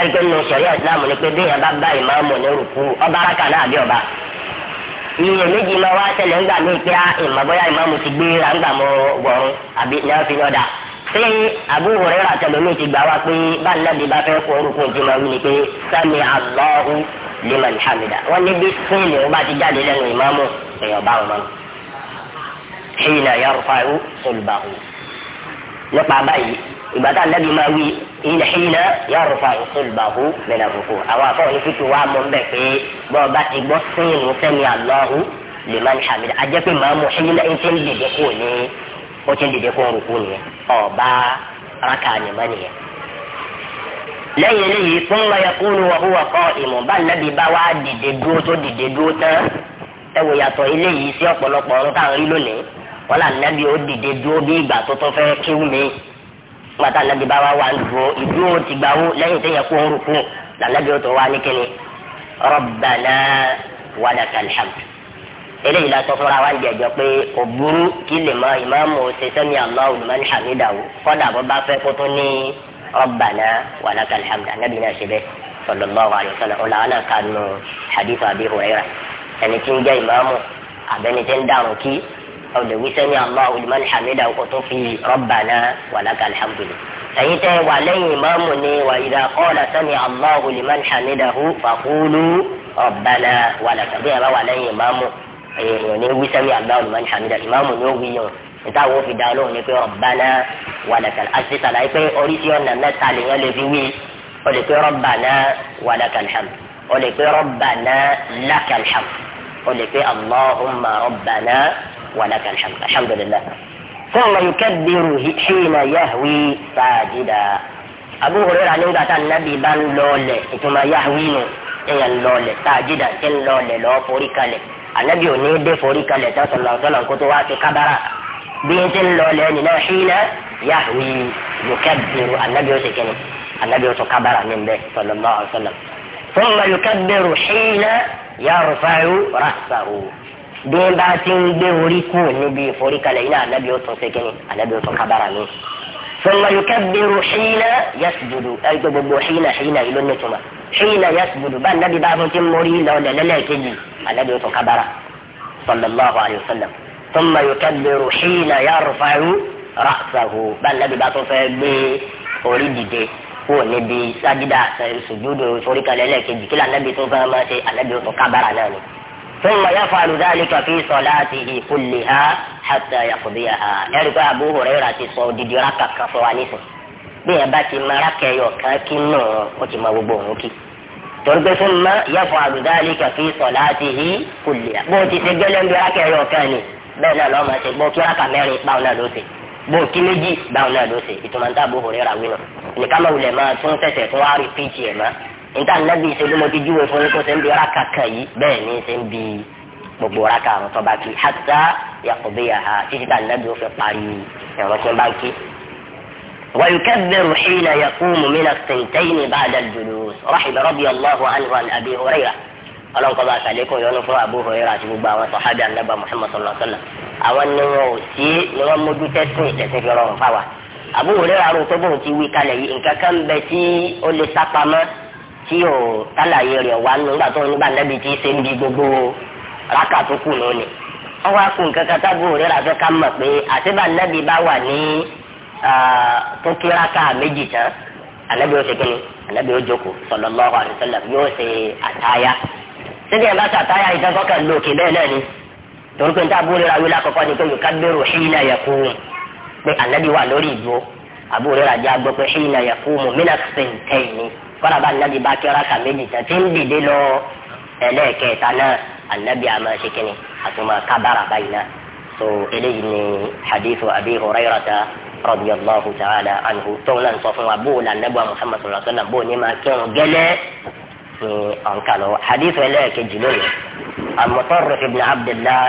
ẹgbẹ́ nínú sọ̀rí islam ni pé déèyàn bá bá ìmáàmù ní rúkú ọba rákà náà bí ọba ìyẹn méjì máa wá ṣẹlẹ̀ ńgbà mí pé ah, ìmọ̀ bóyá ìmáàmù ti gbé ráńgbà mọ́ wọ̀run àbí ní wọ́n fi yọ̀dà ṣé Abu Hurairah àtẹlómi ti gbà wá pé báyìí náà bí bá fẹ́ kó orúkú ti máa wí ni pé sami Allahu liman hamida wọ́n ní bí fíìmù ó ti jáde lẹ́nu ìmáàmù èèyàn ìgbà tá ànábì máa wí ìlẹ̀hìnà yà rúfa ìṣèlbàhù mẹ́nà rúfò àwọn afọ òní fífi wá mọ́ bẹ́ẹ̀ pé bọ́ọ̀bá ti gbọ́ sínú sẹ́mi àlọ́hù lè máa ń hàmìlẹ̀ ajẹ́ pé màá mú ìlẹ̀ ìṣe ń dìde kó ní ó ti ń dìde kó rúkú nìyẹn ọ̀bá raka nìmọ́ nìyẹn. lẹ́yìn eléyìí fún mayakúnu wàhúwà kọ́ ìmọ̀ bá ànábì bá wá dìde dúró tó dìde dúró tán ẹ wò yàtọ̀ eléyìí sí ọ̀pọ̀lọpọ̀ ọ̀run táwọn rí lónìí wọ́n là ànábì ó dìde dúró bí ìgbà tó tún fẹ́ kíw pátá anabi bá wa wà lùfọ ìdúró ti gbà wó lẹ́yìn tó yẹ kó ń rúkú lànàbí tó wá ní kíni rabbana wa lakal hamd eléyìí la sọ fúnra wa ń jẹjọ pé kò burú kí lè mọ ìmáàmù ṣẹṣẹmi Allahu liman hamidahu kódà bó bá fẹ́ kó ní rabbana wa lakal hamd anabi náà ṣe bẹ́ẹ̀ sallallahu alayhi wa sallam ọlà ànà kanu hadith Abi Hurairah ẹni tí ń jẹ ìmáàmù àbẹni tí ń dàrú kí o lè wí sẹ́mi Allahu liman hamidahu kó tó fi rabbana wa lakal hamdu ẹ̀yin tẹ́ wà lẹ́yìn ìmáàmù ni wà idha qala sami Allahu liman hamidahu faqulu rabbana wa lakal bí ẹ bá wà lẹ́yìn ìmáàmù èèyàn ní wí sẹ́mi Allahu liman hamidahu ìmáàmù ni ó wí yàn níta wo fi dáa lóhùn ni pé rabbana wa lakal àti sàlàyé pé oríṣi ọ̀nà mẹ́ta lèèyàn lè fi wí ó lè pé rabbana wa lakal hamdu ولك الحمد الحمد لله ثم يكبر حين يهوي ساجدا Abu Hurairah nígbà tá nàbì bá ń lọlẹ̀ ìtumọ̀ yahwi nù èèyàn lọlẹ̀ sáàjìdà tí ń lọlẹ̀ lọ́ọ́ forí kalẹ̀ ànábì ò ní dé forí kalẹ̀ tá sọ̀rọ̀ sọ̀rọ̀ kó tó wá sí kábàrà bí ń ti ń lọlẹ̀ nínú hina yahwi yukabbiru ànábì ó sì kíni ànábì ó sọ kábàrà mi bẹ́ẹ̀ sallallahu alaihi wasallam thumma yukabbiru hina yarfa'u ra'sahu bí n bá ti ń gbé orí kù níbi ìforíkalẹ̀ iná ànábì ó tún ṣe kínní ànábì ó tún kábàrà mi. sọlá yóò kẹ́bìrú ṣíínà yasjudu ẹgbẹ́ gbogbo ṣíínà ṣíínà ìlú nítumọ̀ ṣíínà yasjudu bá ànábì bá fún ti mórí lọ́lẹ̀ lẹ́lẹ́kejì ànábì ó tún kábàrà sallallahu alayhi wa sallam. sọlá yóò kẹ́bìrú ṣíínà yarfa'u ra'sahu bá ànábì bá tún fẹ́ gbé orí dìde kúrò níbi sájídà sùjúdù ìforíkalẹ̀ lẹ́lẹ́kejì kí ثم يفعل ذلك في صلاته كلها حتى يقضيها ẹ̀rùkọ́ Abu Hurairah ti sọ dídí rákà kan fún wa nísìn bí ẹ bá ti máa rákà ẹyọ kan kí nù ó ti máa gbogbo òun kí torí pé ثم يفعل ذلك في صلاته كلها bó ti ṣe gẹ́lẹ́ ń bí rákà ẹyọ kan ni bẹ́ẹ̀ náà lọ́ọ́ máa ṣe bó kí rákà mẹ́rin báwọn náà ló ṣe bó kí méjì báwọn náà ló ṣe ìtumọ̀ ní Abu Hurairah wí nù ní ká máa wulẹ̀ máa tún tẹ̀sẹ̀ tún wá rí píìtì ẹ̀ máa níta nàbì ṣe ló mo ti júwe fún yín kó ṣe ń bi raka kan yìí bẹ́ẹ̀ ni ṣe ń bi gbogbo raka àrùn tó bá kí hàtà yàkùbí yàhà títí tá nàbì ó fi parí ẹ̀rọ tó bá kí. ويكبر حين يقوم من الثنتين بعد الجلوس رحم رضي الله عنه عن ابي هريره ọlọ́run kọ́ bá a ṣàlékún ìyọnu fún Abu Hurairah àti gbogbo àwọn sọ̀hábì ànábà Muhammad sallallahu alaihi wasallam àwọn ni wọn ò sí ni wọn mójú tẹ́sìn ìtẹ̀sìn fi rọrùn fáwa Abu Hurairah àrùn tó bóun ti wí kalẹ̀ yìí nǹkan kan ń bẹ tí ó lè sápamọ́ tí o tálàyé rẹ̀ wá nígbà tó nígbà nẹ́bi tí ṣe ń di gbogbo rákà tó kù lónìí. wọ́n wá kún kankan tábù rẹ̀ rà fẹ́ ká mọ̀ pé àtibá nẹ́bi bá wà ní tó kí rákà méjì tán ànẹ́bi ó ṣe kíni ànẹ́bi ó jókòó sallallahu alaihi wasallam yóò ṣe àtáyá. síbi ìbá sàtáyà ìtẹ́kọ̀kẹ́ lòkè bẹ́ẹ̀ náà ni torí pé tábù rẹ̀ rà wílà kọ̀kọ́ ni pé yukabbiru hina yaqumu pé ànẹ́bi wà lórí ìdúró àbúrò rẹ̀ rà já gbọ́ pé kọ́lá bá nàbí bá kí rákà méjì tán tí ń dìde lọ ẹlẹ́ẹ̀kẹta náà ànábì àmọ́ ṣe kínní àtúmọ̀ kábàrà báyìí náà so eléyìí ni hadithu abi hurayrata radiyallahu ta'ala anhu tóun náà sọ fún wa bó o la nàbí wa muhammad sallallahu alaihi wa sallam bó ní ma kírun gẹ́lẹ́ ni ọ̀nkà lọ hadithu ẹlẹ́ẹ̀kejì lónìí amọ̀tọ́rọ̀ ibn abdullah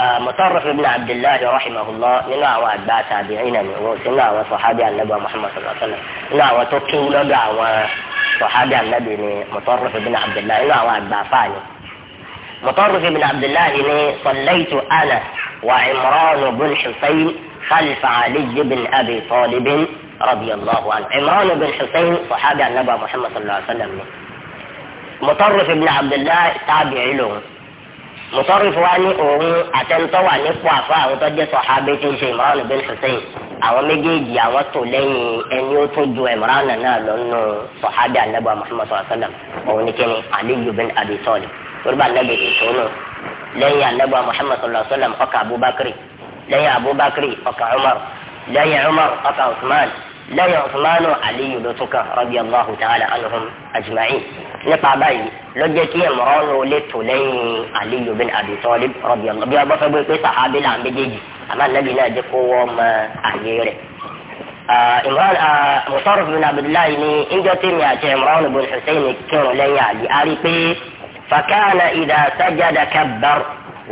آه، مصرف ابن عبد الله رحمه الله nínú àwọn àgbà tàbíìn ni wọn sínú àwọn sọ̀hábì ànábì muhammad sallallahu alaihi wa sallam nínú àwọn tó kéwú lọ́dọ̀ àwọn sọ̀hábì ànábì ni عبد الله nínú àwọn àgbà fáàní. مصرف بن عبد الله إني صليت أنا وعمران بن حسين خلف علي بن أبي طالب رضي الله عنه عمران بن حسين صحابي النبي محمد صلى الله عليه وسلم مصرف ابن عبد الله تابعي له mùsọ̀rìfù wa ní òun àtẹnutọ́ wà nípò àfa àwọn tó jẹ́ sọ̀hábí tó ń ṣe Imran bin Hussein àwọn méjèèjì àwọn tó lẹ́yìn ẹni ó tó ju Imran náà lọ nù sọ̀hábí anabu Muhammad sallallahu alaihi wasallam òun ní kíni Aliyu bin Abi Talib yorùbá anabi ètò nù lẹ́yìn anabu Muhammad sallallahu ọkà Abubakar lẹ́yìn Abubakar ọkà Umar lẹ́yìn Umar ọkà Usman lẹ́yìn ọ̀túnmánu aliyu ló tún kàn radiyallahu ta'ala anhum ajma'in nípa báyìí ló jẹ́ kí ẹ̀mọ́rọ́nù lè tò lẹ́yìn aliyu bin abi talib radiyallahu bí ọgbọ́n fẹ́gbẹ́ pé sàhábì là ń méjèèjì àmà nàbì náà jẹ́ kó wọ́n mọ àyè rẹ̀. imran musarrif bin abdullahi ni injọ tí mi àti ẹ̀mọ́rọ́nù bin hussein kírun lẹ́yìn ali a rí pé fakana idha sajada kabbar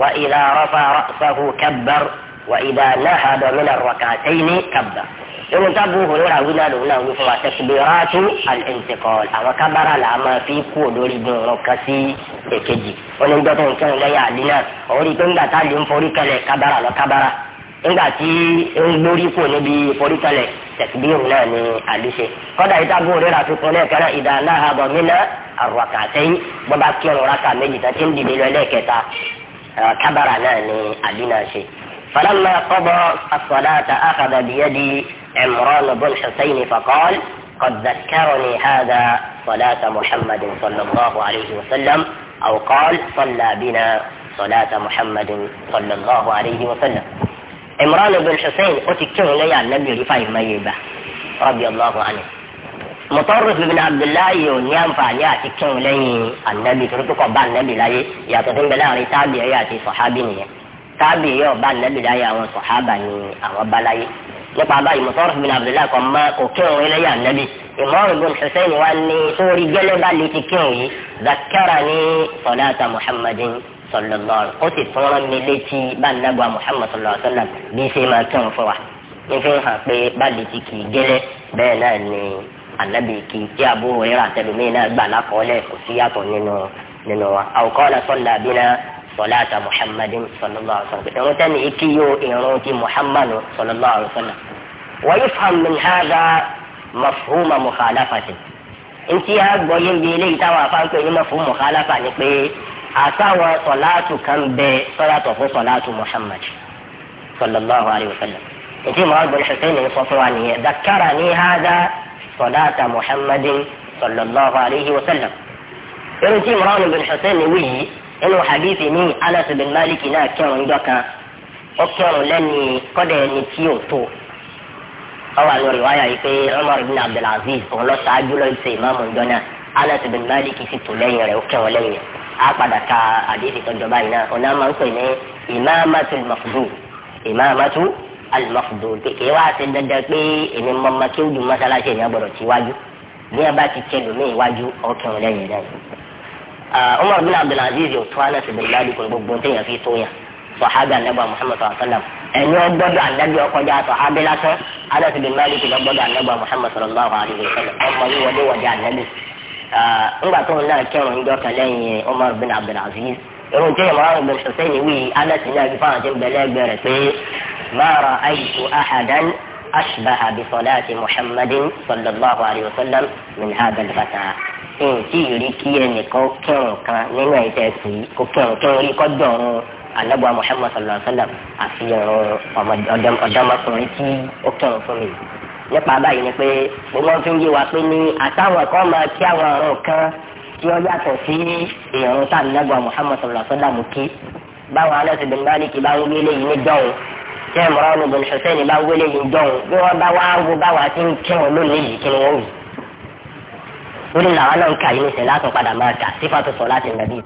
wa idha rafa ra'sahu kabbar wa idha nahada min ar-rak'atayn kabbar. irun tábù òhùnrẹ́ra wí náà lòun náà wí fún wa tẹ̀síbíráàtú àlẹ́ǹtẹ̀kọ́l àwọn kábàárà là á máa fi kú olórí gun ọ̀rọ̀ kan sí èkejì ó ní gbọ́dọ̀ nǹkan ìlẹ́yà àdín náà òun rí i pé ńgbà tá a lè ń forí kalẹ̀ kábàárà lọ kábàárà ńgbà tí ń lórí kù níbi forí kalẹ̀ tẹ̀síbírù náà ni àdúṣe kọ́dà yìí tábù òhùnrẹ́ra fi kún lẹ́ẹ̀kan ìdá aláhàbọ̀ mínà àrùwàkàtẹ́yìn bọ́bá kírun rákà méjì tá ti ń dìde lọ lẹ́ẹ̀kẹta kábàárà náà ni àdín ṣe فلما قضى الصلاة أخذ بيدي عمران بن الحسين فقال قد ذكرني هذا صلاة محمد صلى الله عليه وسلم أو قال صلى بنا صلاة محمد صلى الله عليه وسلم عمران بن الحسين أتكه لي عن نبي رفاه ميبة رضي الله عنه مطرف بن عبد الله يونيام فعليا كن لي النبي ترتقى بعد النبي لا يتطنب بلا رتابي ياتي صحابي táàbì yìí ọba nàbì láyé àwọn sọ̀hábà ni àwọn bá láyé nípa báyìí mọ̀tọ́rọ̀ bin abdullahi kan mọ́ kò kírun eléyà nàbì ìmọ̀ràn bin hussein wa ni sórí gẹ́lẹ́bà lè ti kírun yìí zakara ní sọ̀dáàtà muhammadin sallallahu ó sì tún rán mi létí bá nàbà muhammad sallallahu alayhi wa sallam bí ṣe máa kírun fún wa ní fi hàn pé bá lè ti kì í gẹ́lẹ́ bẹ́ẹ̀ náà ni ànábì kì í tí àbúrò rẹ̀ àtẹlùmí náà gbà lákọ̀ọ́lẹ̀ kò síyàtọ̀ nínú nínú wa àwòkọ́ sọláàtà muhammadin sallallahu alaihi wasallam ìrún tẹ́ni ikí yóò ìrún ti muhammadu sallallahu alaihi wasallam wa yufham min hadha mafhuma mukhalafati ntí a gbọ́ yín bí eléyìí táwọn afáńpẹ́ yín mafhum mukhalafa ni pé àtàwọn sọláàtù kan bẹ sọláàtọ̀ fún sọláàtù muhammad sallallahu alaihi wasallam ntí muhammad bin hussein sọ fún wa nìyẹn dakara ní hadha sọláàtà muhammadin sallallahu alaihi wasallam irun tí muhammad bin hussein wí yìí nínú hadithi ní Anas bin Malik náà kírun ńjọ́ kan ó kírun lẹ́ni kọ́dà ẹni tí ò tó ọwọ́ àlọ́ rìwáyà yìí pé Umar ibn Abdul Aziz òun lọ sáájú lọ́ọ́ ṣe ìmáàmù ńjọ́ náà Anas bin Malik sì tó lẹ́yìn rẹ̀ ó kírun lẹ́yìn rẹ̀ padà ka hadithi tó jọba yìí náà ọ̀nà máa ń pè ní imamatul mafdul imamatu al-mafdul kéèké wá sí dandan pé èmi mọ́mọ́ kí ó dùn mọ́sálásí ènìyàn gbọ́dọ̀ tí wájú bí wọ́n bá ti tẹ lómi ìwájú ọkùnrin lẹ́yìn lẹ́yìn. Ah, Umar bin Abdulaziz yóò tó alẹ́ sí bẹ̀rẹ̀ ládùúgbò gbogbo téèyàn fi tó yàn sọ̀hábì ànábà Muhammad sallallahu alayhi wa sallam ẹ̀yin ọgbọ́dọ̀ ànábì ọkọjá sọ̀hábì lásán alẹ́ sí bẹ̀rẹ̀ ládùúgbò gbọ́dọ̀ ànábà Muhammad sallallahu alayhi wa sallam ọmọ yìí wọlé wọjá ànábì ah, ńgbà tó ń náà kẹrùn ńjọ kan Umar bin Abdulaziz irun tí ìmọ̀ àwọn ọmọ sẹ́yìn wí sí náà fún àwọn tí ń pé ma ra'aytu ahadan ashbaha bi Muhammadin sallallahu alayhi wa sallam min hadha al nǹkí ìrírí kí ẹnìkan kẹrùn kan nínú ẹ̀jẹ̀ sí kó kẹrùn kẹrùn rí kọjọ ọrùn alagba muhammad sallallahu alaihi wa sallam àfi ọrùn ọ̀dọ́mọkùnrin tí ó kẹrùn fún mi nípa báyìí ni pé mo máa fi ń yé wa pé ní àtàwọn ẹ̀kọ́ máa kí àwọn ọ̀rọ̀ kan tí ó yàtọ̀ sí ìrún tá alagba muhammad sallallahu alaihi wa sallam kí báwọn alẹ́sìn bin malik bá ń wílé yìí ní dọ́hùn tí ẹ̀mọ́ràn bin hussein bá ń wílé yìí dọ́hùn bí wọ́n bá wá wo báwa lórí làwọn náà ń kà yìí nìṣẹ́ látún padà máa kà sífàtú sọ láti nàbí.